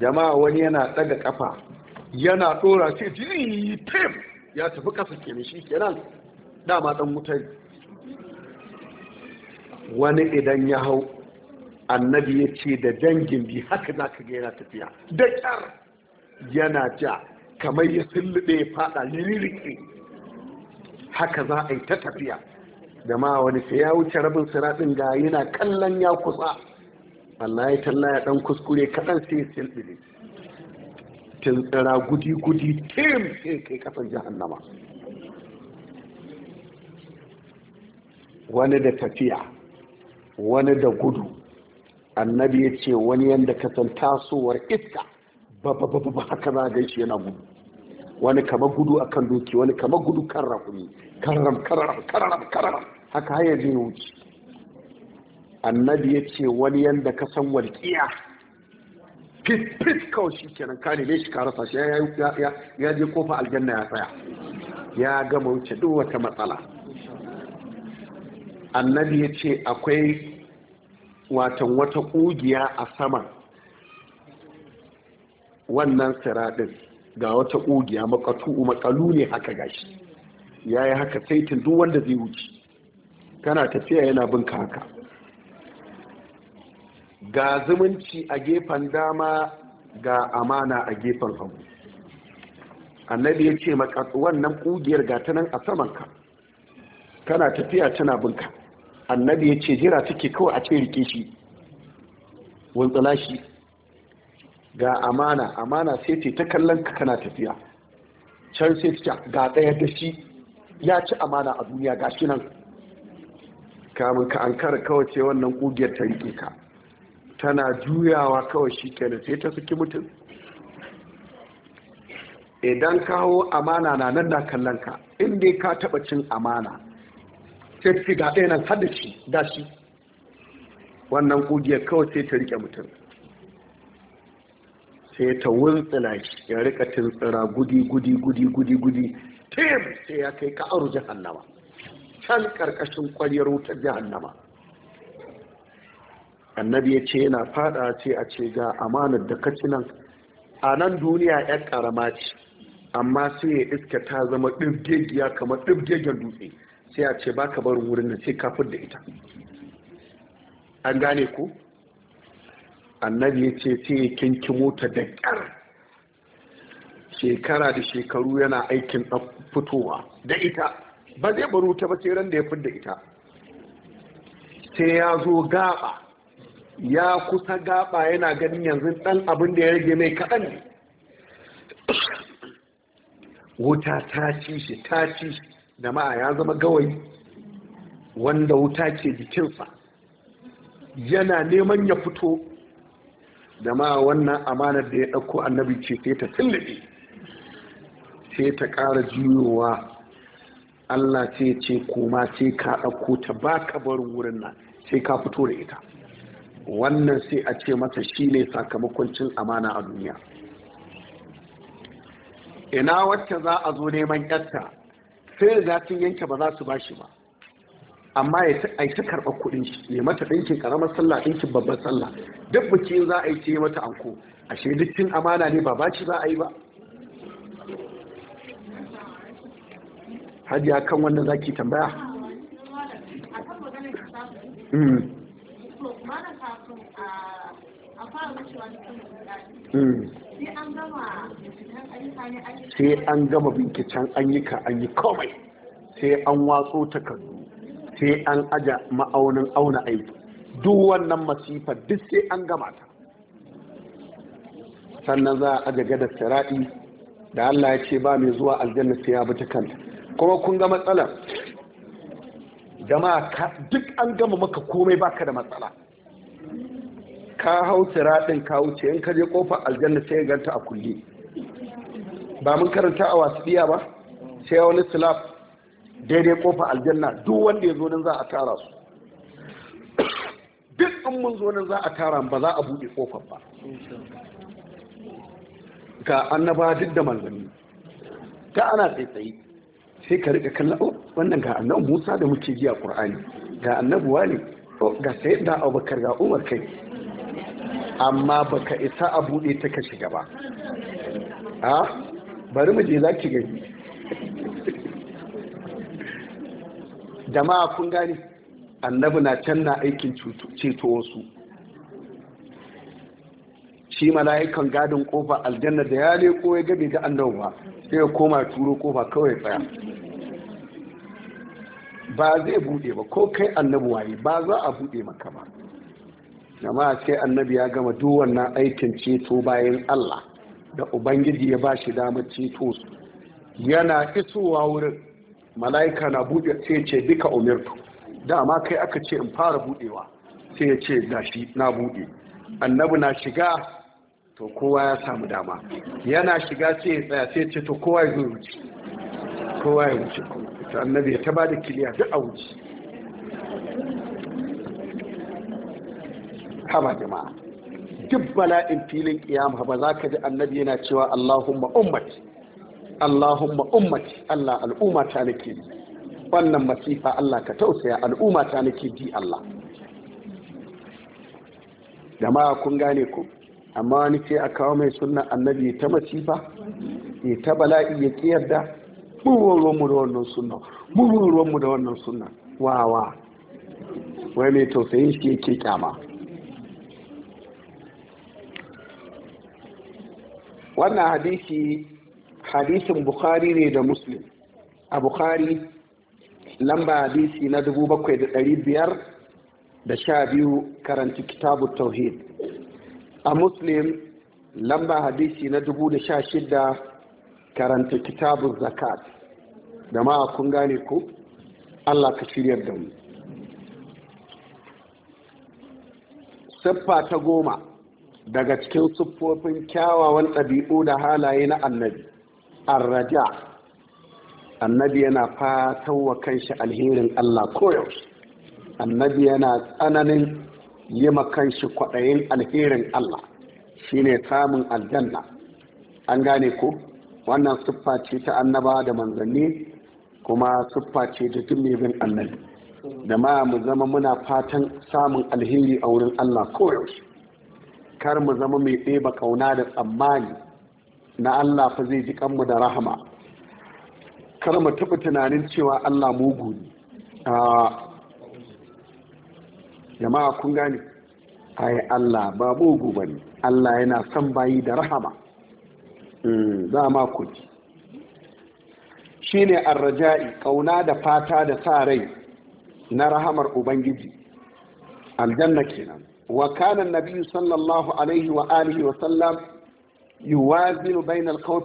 jama'a wani yana daga kafa yana dora jini jiri fim ya tafi kasa kenan shi kenan dama dan mutane wani idan ya hau annabi ya ce da dangin bi haka za ka yana tafiya da kyar yana ja kamar ya sulluɗe ya fada lirike haka za a yi ta tafiya da ma wani sai ya wuce rabin siraɗin ga yana kallon ya kusa Allah ya talla ya ɗan kuskure kaɗan sai ya sulluɗe tuntsira gudi-gudi tim sai kai kasar jahannama wani da tafiya wani da gudu annabi ya ce wani yadda kasan tasowar iska ba ba ba ba haka za a shi yana gudu wani kama gudu a kan doki wani kama gudu kan rahuni kararam kararam kararam kararam haka haya zai wuce annabi ya ce wani yadda kasan walƙiya fit kawai shi kenan ka ne, shi ka rasa shi ya je kofa aljanna ya tsaya ya gama wuce duk wata matsala annabi ya ce akwai watan wata ƙugiya a sama wannan siraɗin ga wata ƙugiya makatu makalu ne haka gashi ya yi haka saitin duk wanda zai wuce kana tafiya yana bin ka haka ga zumunci a gefen dama ga amana a gefen hagu annabi ya ce maka wannan kugiyar ga ta nan a samanka kana tafiya tana binka annabi ya ce jira take kawai a ce rike shi wanzala shi ga amana amana sai ce ta kallon ka kana tafiya can sai ta ga ɗaya da shi ya ci amana a duniya ga shi nan kamun ka an kara kawace wannan kugiyar ta rike ka tana juyawa kawai shi kenan sai ta suke mutum idan kawo amana na nan na kallon ka inda ka taba cin amana sai fi ga nan hada shi da shi wannan ƙugiyar kawai sai ta riƙe mutum sai ta wurtsila shi ya riƙa tuntsira gudi gudi gudi gudi gudi tim sai ya kai ka aru jihannama can ƙarƙashin ƙwaryar wutar jihannama annabi ya ce yana fada ce a ce ga amanar da kaci nan a nan duniya ya karama ce amma sai ya iska ta zama ɗirgegiya kamar ɗirgegen dutse sai a ce baka barin wurin da sai kafin da ita an gane ku annabi ya ce sai ya kinki mota da ƙar shekara da shekaru yana aikin fitowa da ita ba zai baro ta ba sai ran da ya da ita sai ya zo gaba ya kusa gaba yana ganin yanzu ɗan abin da ya rage mai kaɗan ne wuta ta ci shi ta ci shi da ma'a ya zama gawayi wanda wuta ke jikinsa yana neman ya fito da ma wannan amanar da ya ɗauko annabi ce sai ta tullube sai ta ƙara juyowa allah ce ce koma sai ka ɗauko ta ba ka barin wurin nan sai ka fito da ita wannan sai a ce masa ne sakamakon cin amana a duniya ina wacce za a zo neman yarta sai da sun yanke ba za su ba shi ba amma ya ta karɓar kuɗin shi ne mata ɗinkin ƙaramar sallah ɗinkin babbar sallah duk buki za a yi ce mata anko ashe duk cin amana ne ba baci za a yi ba hajiya kan wannan ki tambaya sai an gama binciken ayyuka an yi komai sai an watso takardu sai an aja ma'aunin auna aiki duk wannan masifa duk sai an gama ta sannan za a aja gada siraɗi da Allah ya ce ba mai zuwa aljanna sai ya bata kanta kuma kun ga matsalar jama'a duk an gama maka komai baka da matsala ka hau siratin ka wuce in ka je kofar aljanna sai ganta a kulle ba mun karanta a wasiɗiya ba sai wani slap daidai kofar aljanna duk wanda ya zo nan za a tara su duk in mun zo nan za a tara ba za a buɗe kofar ba ga annaba duk da manzanni ta ana tsaye sai ka rika kallon oh wannan ga annabu. Musa da muke ji a ƙur'ani ga annabuwa ne oh, ga da Abubakar ga Umar kai amma baka isa a buɗe ta ka shiga ba a bari mu je za ki gani jama'a kun gane annabi na can na aikin ceto wasu shi mala'ikan gadin kofa aljanna da ya leko ya gabe ga annabi ba sai ya koma turo kofa kawai tsaya ba zai buɗe ba ko kai annabi waye ba za a buɗe maka ba jama'a sai annabi ya gama duk wannan aikin ceto bayan Allah da ubangiji ya ba shi damar ceto su yana isowa wurin mala'ika na buɗe sai ce duka umirtu dama kai aka ce in fara buɗewa sai ya ce gashi na buɗe annabi na shiga to kowa ya samu dama yana shiga sai ya tsaya sai ce to kowa ya wuce kowa ya wuce annabi ya ta ba da kiliya duk a wuce kama jama'a duk bala'in filin kiyama ba za ka ji annabi yana cewa Allahumma ummati Allahumma ummati Allah al'umma ta nake ji wannan masifa Allah ka tausaya al'umma ta nake ji Allah jama'a kun gane ku amma wani ce a kawo mai sunna annabi ta masifa ya ta bala'i ya kiyarda buwurwan mu da wannan sunna buwurwan mu da wannan sunna wawa wai mai tausayin shi yake kyama wannan hadisi hadisin bukhari ne da muslim a bukhari lamba hadisi na dubu bakwai da dari biyar da sha biyu karanci kitabu tauhid a muslim lamba hadisi na dubu da sha shida karanta kitabu zakat da ma kun gane ku allah ka shiryar da mu siffa ta goma daga cikin siffofin kyawawan ɗabi'u da halaye na annabi arraja annabi yana fatan wa kanshi alherin allah koyaushe annabi yana tsananin yi kanshi kwaɗayin alherin allah shine samun aljanna an gane ku, wannan siffa ce ta annaba da manzanni kuma siffa ce ta bin annabi da ma mu zama muna fatan samun alheri a wurin allah koyaushe kar mu zama mai ɗeba kauna da tsammani na Allah fa zai ji kanmu da rahama kar mu taɓa tunanin cewa Allah mugu ne jama'a kun gane ai Allah ba mugu ba ne Allah yana son bayi da rahama hmm, za ma ku ji shine arraja'i kauna da fata da sa rai na rahamar ubangiji aljanna kenan وكان النبي صلى الله عليه وآله وسلم يوازن بين الخوف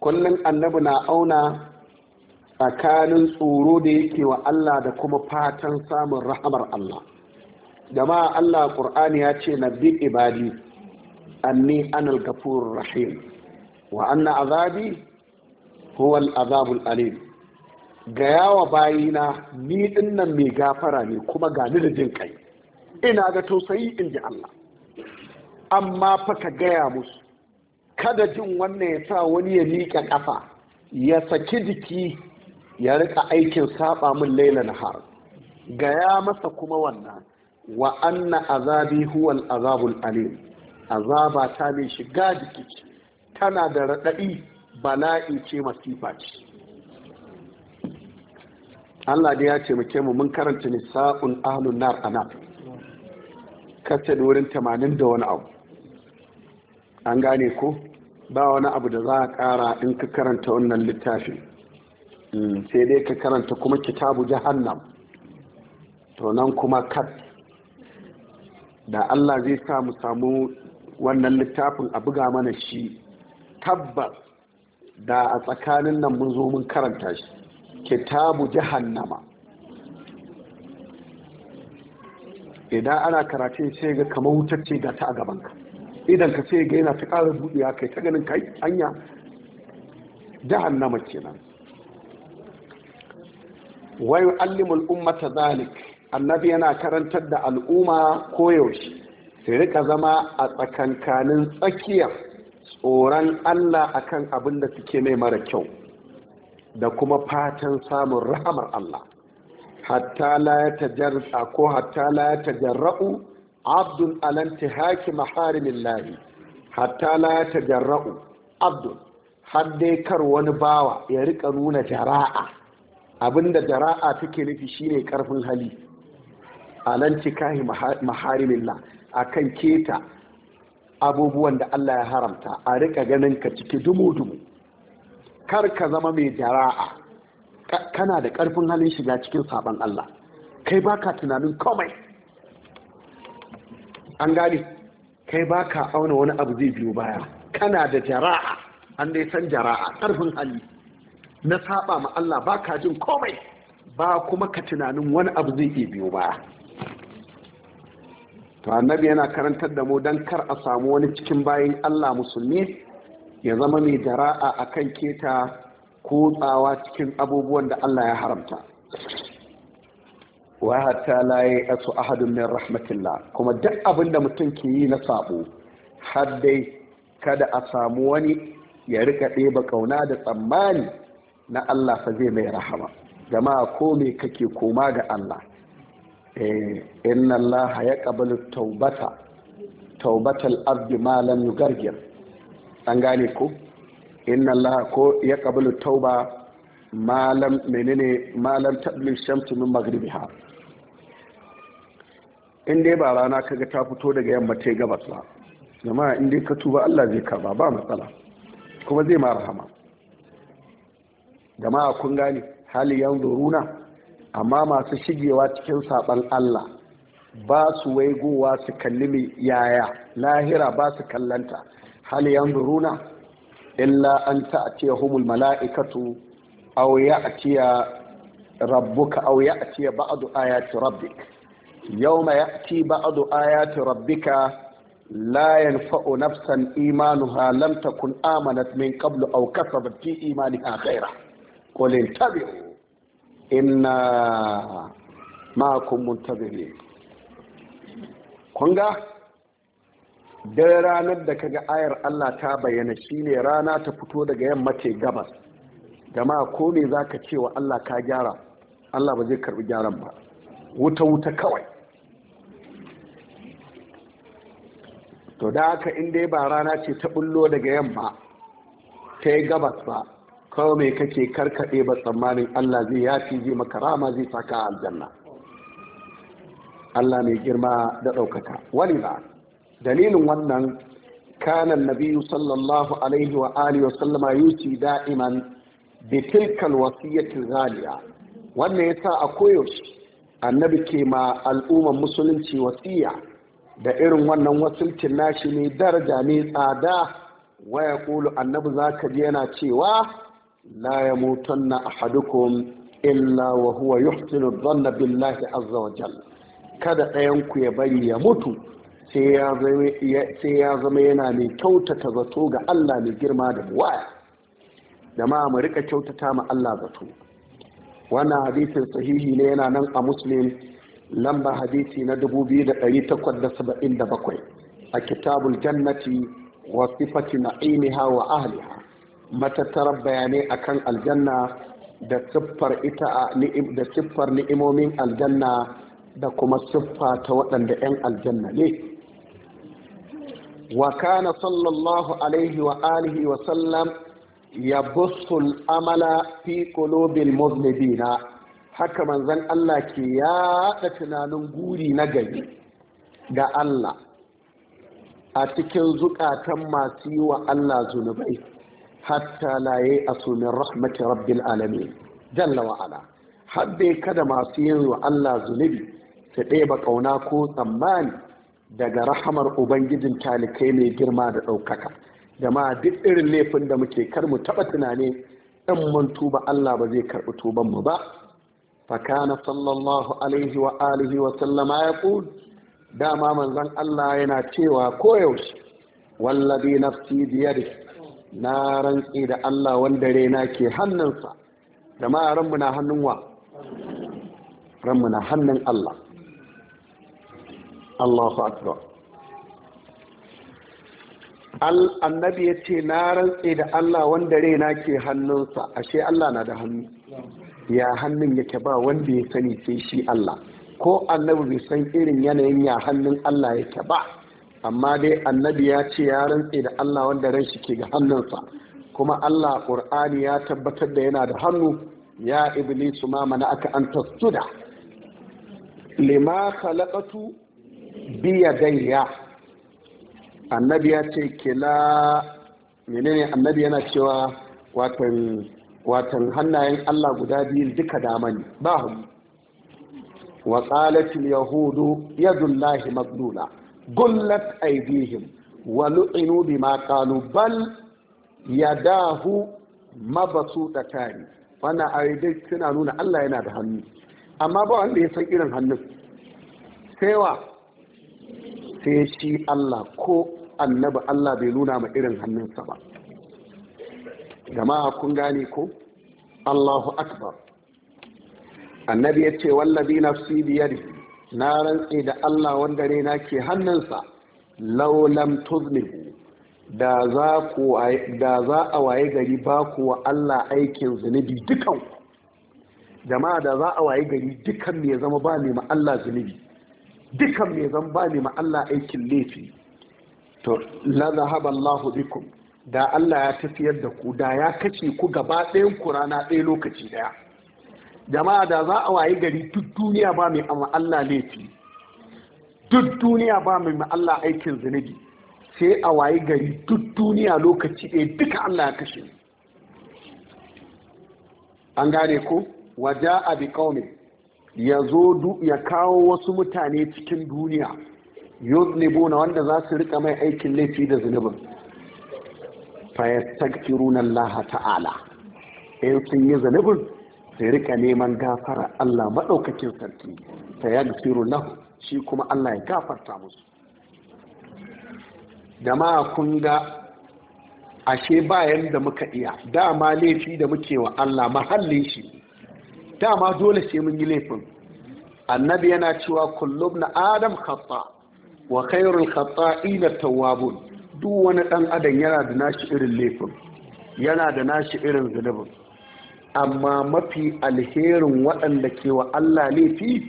annabi na auna tsakanin tsoro da yake wa Allah da kuma fatan samun rahamar Allah jama'a Allah ƙur'ani ya ce na bi ibadi anni anal gafur rahim wa anna azabi huwa azabul alim ga yawa bayina ni dinnan mai gafara ne kuma gani da jin kai ina ga tausayi in ji Allah amma fa ka gaya musu kada jin wannan ya sa wani ya miƙa ƙafa ya saki jiki ya rika aikin saba min laila har, gaya masa kuma wannan wa anna azabi huwal azabul alim azaba ta mai shiga jiki tana da raɗaɗi bala'i ce masifa ce Allah da ya ce mu mun karanta nisa'un ahlun nar anan kasar wurin tamanin da wani abu an gane ko ba wani abu da za a ƙara in ka karanta wannan littafin mm, sai dai ka karanta kuma kitabu jahannam to nan kuma kat da allah zai sa mu samu wannan littafin a buga mana shi tabbas da a tsakanin nan mun zo mun karanta shi kitabu jahannama idan ana karatu sai ga kamar wutar ce ga ta a gaban ka idan ka sai ga yana ta ƙara buɗewa kai ta ganin kai hanya mace nan wai allimul ummata zalik annabi yana karantar da al'umma koyaushe sai rika zama a tsakankanin tsakiya tsoron Allah akan abin da suke mai mara kyau da kuma fatan samun rahamar Allah hatta la ya tajarra ko hatta la ya tajarra'u Abdul alanti haki maharimin lahi hatta la ya tajarra'u Abdul har dai kar wani bawa ya rika nuna jara'a abinda jara'a take nufi shine karfin hali alanti kahi maharimin la akan keta abubuwan da Allah ya haramta a rika ganin ka ciki dumudumu kar ka zama mai jara'a kana da ƙarfin halin shiga cikin sabon Allah kai baka tunanin komai an gane kai baka auna wani abu zai biyo baya kana da jara'a an dai san jara'a ƙarfin hali na saba ma Allah baka jin komai ba kuma ka tunanin wani abu zai iya biyo baya to annabi yana karantar da mu dan kar a samu wani cikin bayan Allah musulmi ya zama mai jara'a akan keta tsawa cikin abubuwan da Allah ya haramta wa hatta la yasu ahadun min rahmatillah kuma duk abin da mutum ke yi na sabo har dai kada a samu wani ya rika ɗeba ƙauna da tsammani na Allah fa zai mai rahama jama'a ko me kake koma ga Allah eh inna Allah ya qabalu taubata taubatal abdi ma lam yugargir an gane ko inna Allah ko ya kabulu tauba malam menene malam tablin shamsu min maghribiha in dai ba rana kaga ta fito daga yamma ta gabas ba jama'a in dai ka tuba Allah zai karba ba matsala kuma zai ma rahama jama'a kun gane hali yanzuruna amma masu shigewa cikin saban Allah ba su waigowa su kalli yaya lahira ba su kallanta hali yanzuruna إلا أن تأتيهم الملائكة أو يأتي ربك أو يأتي بعض آيات ربك يوم يأتي بعض آيات ربك لا ينفع نفسا إيمانها لم تكن آمنت من قبل أو كسبت في إيمانها خيرا قل انتبهوا إنا معكم منتظرين dare ranar da kaga ayar Allah ta bayyana shine rana ta fito daga yamma ce gabas ma ko me zaka ce wa Allah ka gyara Allah ba zai karbi gyaran ba wuta wuta kawai to da haka in dai ba rana ce ta bullo daga yamma ta yi gabas ba kawai mai kake karkaɗe ba tsammanin Allah zai yafi zai maka rama zai saka aljanna Allah mai girma da ɗaukaka wani ba dalilin wannan Kanan nabiyu sallallahu alaihi wa alihi wa sallama yuti da'iman bi tilkal wasiyatil ghaliya wannan yasa a koyaushe annabi ke ma al'umman musulunci wasiya da irin wannan wasilcin nashi ne daraja ne tsada waya kulu annabi zaka ji yana cewa la yamutanna ahadukum illa wa huwa yuhsinu dhanna billahi azza wa jalla kada ɗayan ku ya bari ya mutu sai ya zama yana mai kyautata zato ga Allah mai girma da waya da ma mu rika kyautata ma Allah zato wannan hadisin sahihi ne yana nan a muslim lamba hadisi na 2877 a kitabul jannati wa sifati na'imiha wa ahliha matattarar bayanai akan aljanna da siffar ita da siffar ni'imomin aljanna da kuma siffa ta waɗanda 'yan aljanna ne وكان صلى الله عليه وآله وسلم يبث الأمل في قلوب المذنبين haka manzan Allah ke yaɗa tunanin guri na gari ga Allah a cikin zukatan masu yi wa Allah zunubai hatta laye a asumin rahmati rabbil alamin jalla wa ala har kada masu yin wa Allah zunubi su ɗeba ƙauna ko tsammani daga rahamar ubangijin talikai mai girma da ɗaukaka jama'a duk irin laifin da muke kar mu taɓa tunani in mun tuba Allah ba zai karɓi tuban mu ba fakana sallallahu alaihi wa alihi wa sallama ya dama manzon Allah yana cewa koyaushe wallabi nafsi biyadi na rantsi da Allah wanda raina ke hannunsa jama'a ranmu na hannun wa ranmu na hannun Allah Allahu akbar annabi ya ce na rantse da Allah wanda raina ke hannunsa ashe Allah na da hannu ya hannun ke ba wanda ya sani sai shi Allah ko annabi bai san irin yanayin ya hannun Allah yake ba amma dai annabi ya ce ya rantse da Allah wanda ran shi ke ga hannunsa kuma Allah Qur'ani ya tabbatar da yana da hannu ya iblisu ma mana aka an da lima khalaqatu biya gayya annabi ya ce kila menene annabi yana cewa watan hannayen Allah guda biyu duka dama ne ba hu wa qalatil yahudu yadullahi maglula gullat aydihim wa lu'inu bima qalu bal yadahu tari wannan ayyuka suna nuna Allah yana da hannu amma ba wanda ya san irin hannun sai wa sai shi Allah ko annabi Allah bai nuna ma irin hannunsa ba jama'a kun gane ko Allahu akbar annabi ya ce wallabi fi biyar na rantse da Allah wanda ne na ke hannunsa laulam tuzni da za a waye gari ba kuwa Allah aikin zunubi dukan jama'a da za a waye gari dukan me zama ba ne ma Allah zunubi dukan mai zamba ne ma Allah aikin laifi to la zahaba Allah bikum da Allah ya tafiyar da ku da ya kashe ku gaba ɗayan ku rana ɗaya lokaci ɗaya jama'a da za a wayi gari duk duniya ba mai amma Allah laifi duk duniya ba mai ma Allah aikin zunubi sai a wayi gari duk duniya lokaci ɗaya duka Allah ya kashe an gane ku waja abi qaumin ya zo ya kawo wasu mutane cikin duniya yuzlibuna wanda za su rika mai aikin laifi da zunubin fayastaghfiruna Allah ta'ala in sun yi zunubin sai rika neman gafara Allah maɗaukakin sarki ta fayaghfiru lahu shi kuma Allah ya gafarta musu Da ma kun ga ashe bayan da muka iya dama laifi da muke wa Allah mahallin shi dama dole sai mun yi laifin annabi yana cewa kullum na adam khatta wa khairul khata'ina tawwabun duk wani dan adam yana da nashi irin laifin yana da nashi irin zunubin amma mafi alherin waɗanda ke wa Allah laifi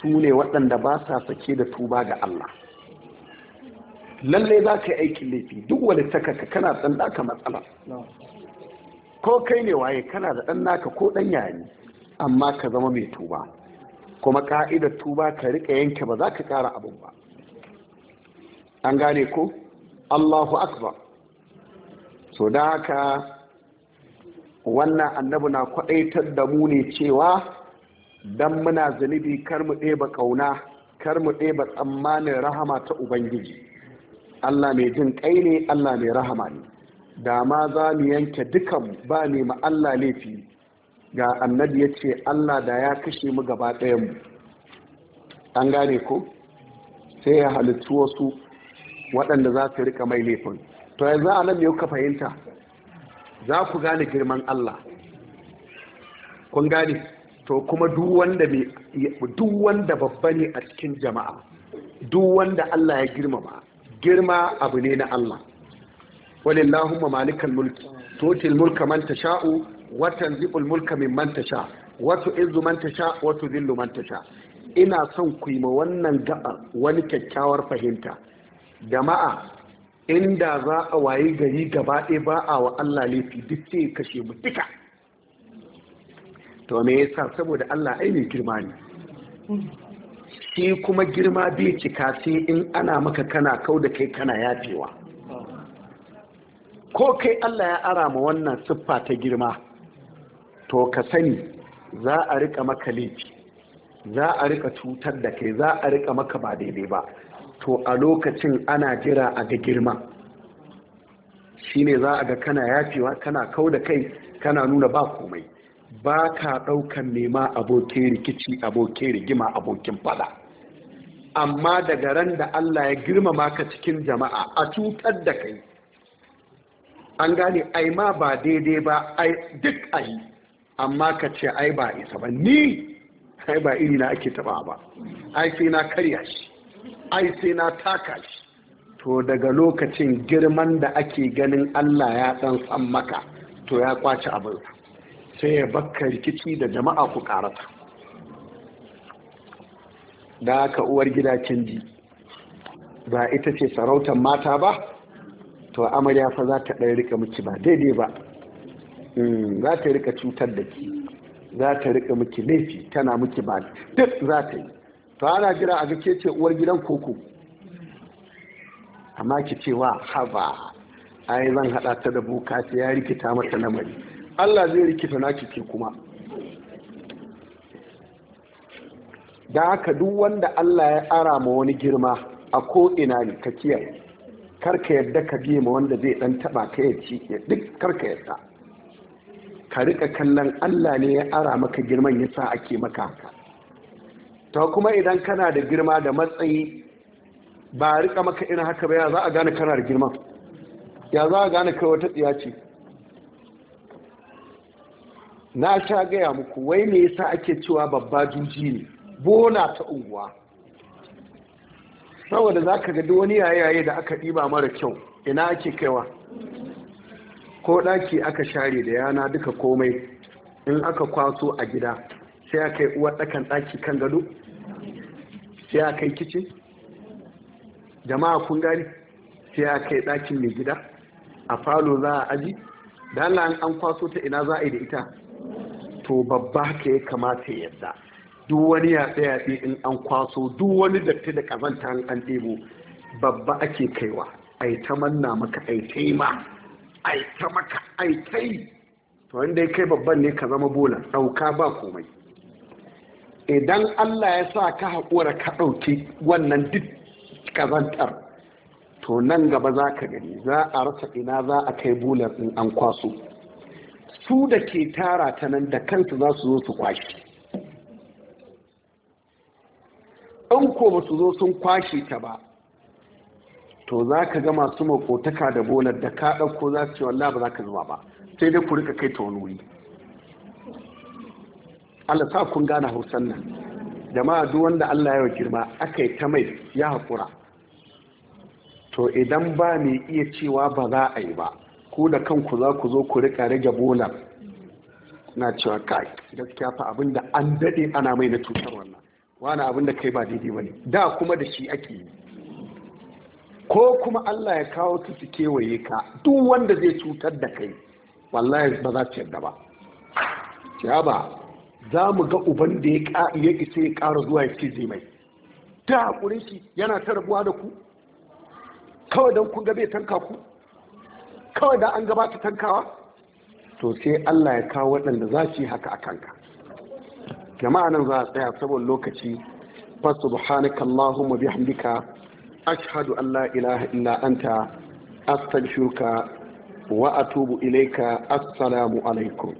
su ne waɗanda ba sa sake da tuba ga Allah lallai za ka yi aikin laifi duk wani takaka kana tsan ka matsala ko kai ne waye kana da ɗan naka ko ɗan yayi amma ka zama mai tuba kuma ka'idar tuba ka rika yanke ba za ka kara abin ba an gane ko allahu akbar so da haka wannan annabi na kwaɗaitar da mu ne cewa dan muna zunubi kar mu ɗeba ƙauna kar mu ɗeba tsammanin rahama ta ubangiji allah mai jin ƙai ne allah mai rahama ne Dama za mu yanke dukan ba ne ma allah laifi ga annabi ya ce allah da ya kashe mu gaba ɗayan mu an gane ko sai ya halittu wasu waɗanda za su rika mai laifin to yanzu a nan yau kuka fahimta za ku gane girman allah kun gane to kuma duk wanda babba ne a cikin jama'a duk wanda allah ya girmama girma abu ne na allah walillahumma malikal mulki totil mulka man tasha'u watan zibul mulka min mantasha wato izu mantasha wato zillu mantasha ina son ku yi ma wannan gaɓar wani kyakkyawar fahimta jama'a inda za a wayi gari gaba ɗaya ba a wa Allah laifi duk sai kashe mu duka to me yasa saboda Allah ai girma ne shi kuma girma bai cika sai in ana maka kana kau da kai kana yafewa ko kai Allah ya ara ma wannan siffa ta girma to ka sani za a rika maka laifi za a rika cutar da kai za a rika maka ba daidai ba to a lokacin ana jira a ga girma shine za a ga kana yafewa kana kau da kai kana nuna ba komai ba ka ɗaukan nema abokin rikici abokin rigima abokin fada amma daga ran da Allah ya girmama ka cikin jama'a a cutar da kai an gane ai ma ba daidai ba ai duk ai amma ka ce ai ba isa ba ni ai ba iri na ake taba ba ai sai na karya shi ai sai na taka shi to daga lokacin girman da ake ganin Allah ya dan san maka to ya kwaci abin sai ya bakka rikici da jama'a ku karata da ka uwar gida canji ba ita ce sarautar mata ba to amarya fa za ta ɗan rika miki ba daidai ba Mm, za ta rika cutar da ke za ta rika miki laifi tana miki ba duk za ta yi to ana jira a ga ke ce uwar gidan koko amma ki cewa wa haba ai zan hada ta da boka ta ya rikita mata lamari Allah zai rikita na ke kuma da haka duk wanda Allah ya ara ma wani girma a ko ina ne ka kiyaye karka yadda ka biye ma wanda zai dan taba ka ya ci duk karka yadda ka rika kallon Allah ne ya ara maka girman ya sa ake maka ta kuma idan kana da girma da matsayi ba rika maka ina haka ba ya za a gane kana da girma ya za a gane kai wata tsiya ce na sha gaya muku wai me yasa ake cewa babba juji ne bona ta unguwa saboda za ka ga wani yayaye da aka ɗiba mara kyau ina ake kaiwa ko ɗaki aka share da yana duka komai in aka kwaso a gida sai aka yi uwar ɗakan ɗaki kan gado sai aka yi kicin jama'a kun gani sai aka yi ɗakin mai gida a falo za a aji da an kwaso ta ina za a yi da ita to babba ka ya kamata ya yadda duk wani ya yaɗe in an kwaso duk wani datti da kazanta an ɗebo babba ake kaiwa a yi ta manna maka a ta yi ma aita maka aita yi to wanda ya kai babban ne ka zama bola ɗauka ba komai idan allah ya sa ka haƙura ka ɗauki wannan duk ƙazantar to nan gaba za ka gani za a rasa ina za a kai bular in an kwaso su da ke tara ta nan da kansu za su zo su kwashe in ko ba su zo sun kwashe ta ba to za ka ga masu makotaka da bolar da ka ɗauko za su ce wallah ba za ka zuba ba sai dai ku rika kai ta wani wuri Allah sa kun gane hausan nan jama'a duk wanda Allah ya girma aka yi ta mai ya haƙura to idan ba mai iya cewa ba za a yi ba ku da kanku za ku zo ku rika rage bolar na cewa kai gaskiya fa abin da an daɗe ana mai na cutar wannan wani abin da kai ba daidai ba ne da kuma da shi ake yi ko kuma Allah ya kawo su su kewaye ka duk wanda zai cutar da kai wallahi ba za ta yarda ba ba za mu ga uban da ya isa ya ƙara zuwa ya ce zai mai ta haƙurin shi yana ta rabuwa da ku kawai don kun gabe tanka ku kawai da an gabata tankawa to sai Allah ya kawo waɗanda za su yi haka a kanka jama'a nan za a tsaya saboda lokaci fa subhanaka allahumma bihamdika ashhadu an la ilaha illa anta astaghfiruka wa atubu ilaika assalamu alaikum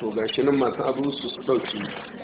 to gashi nan masu abu su dauki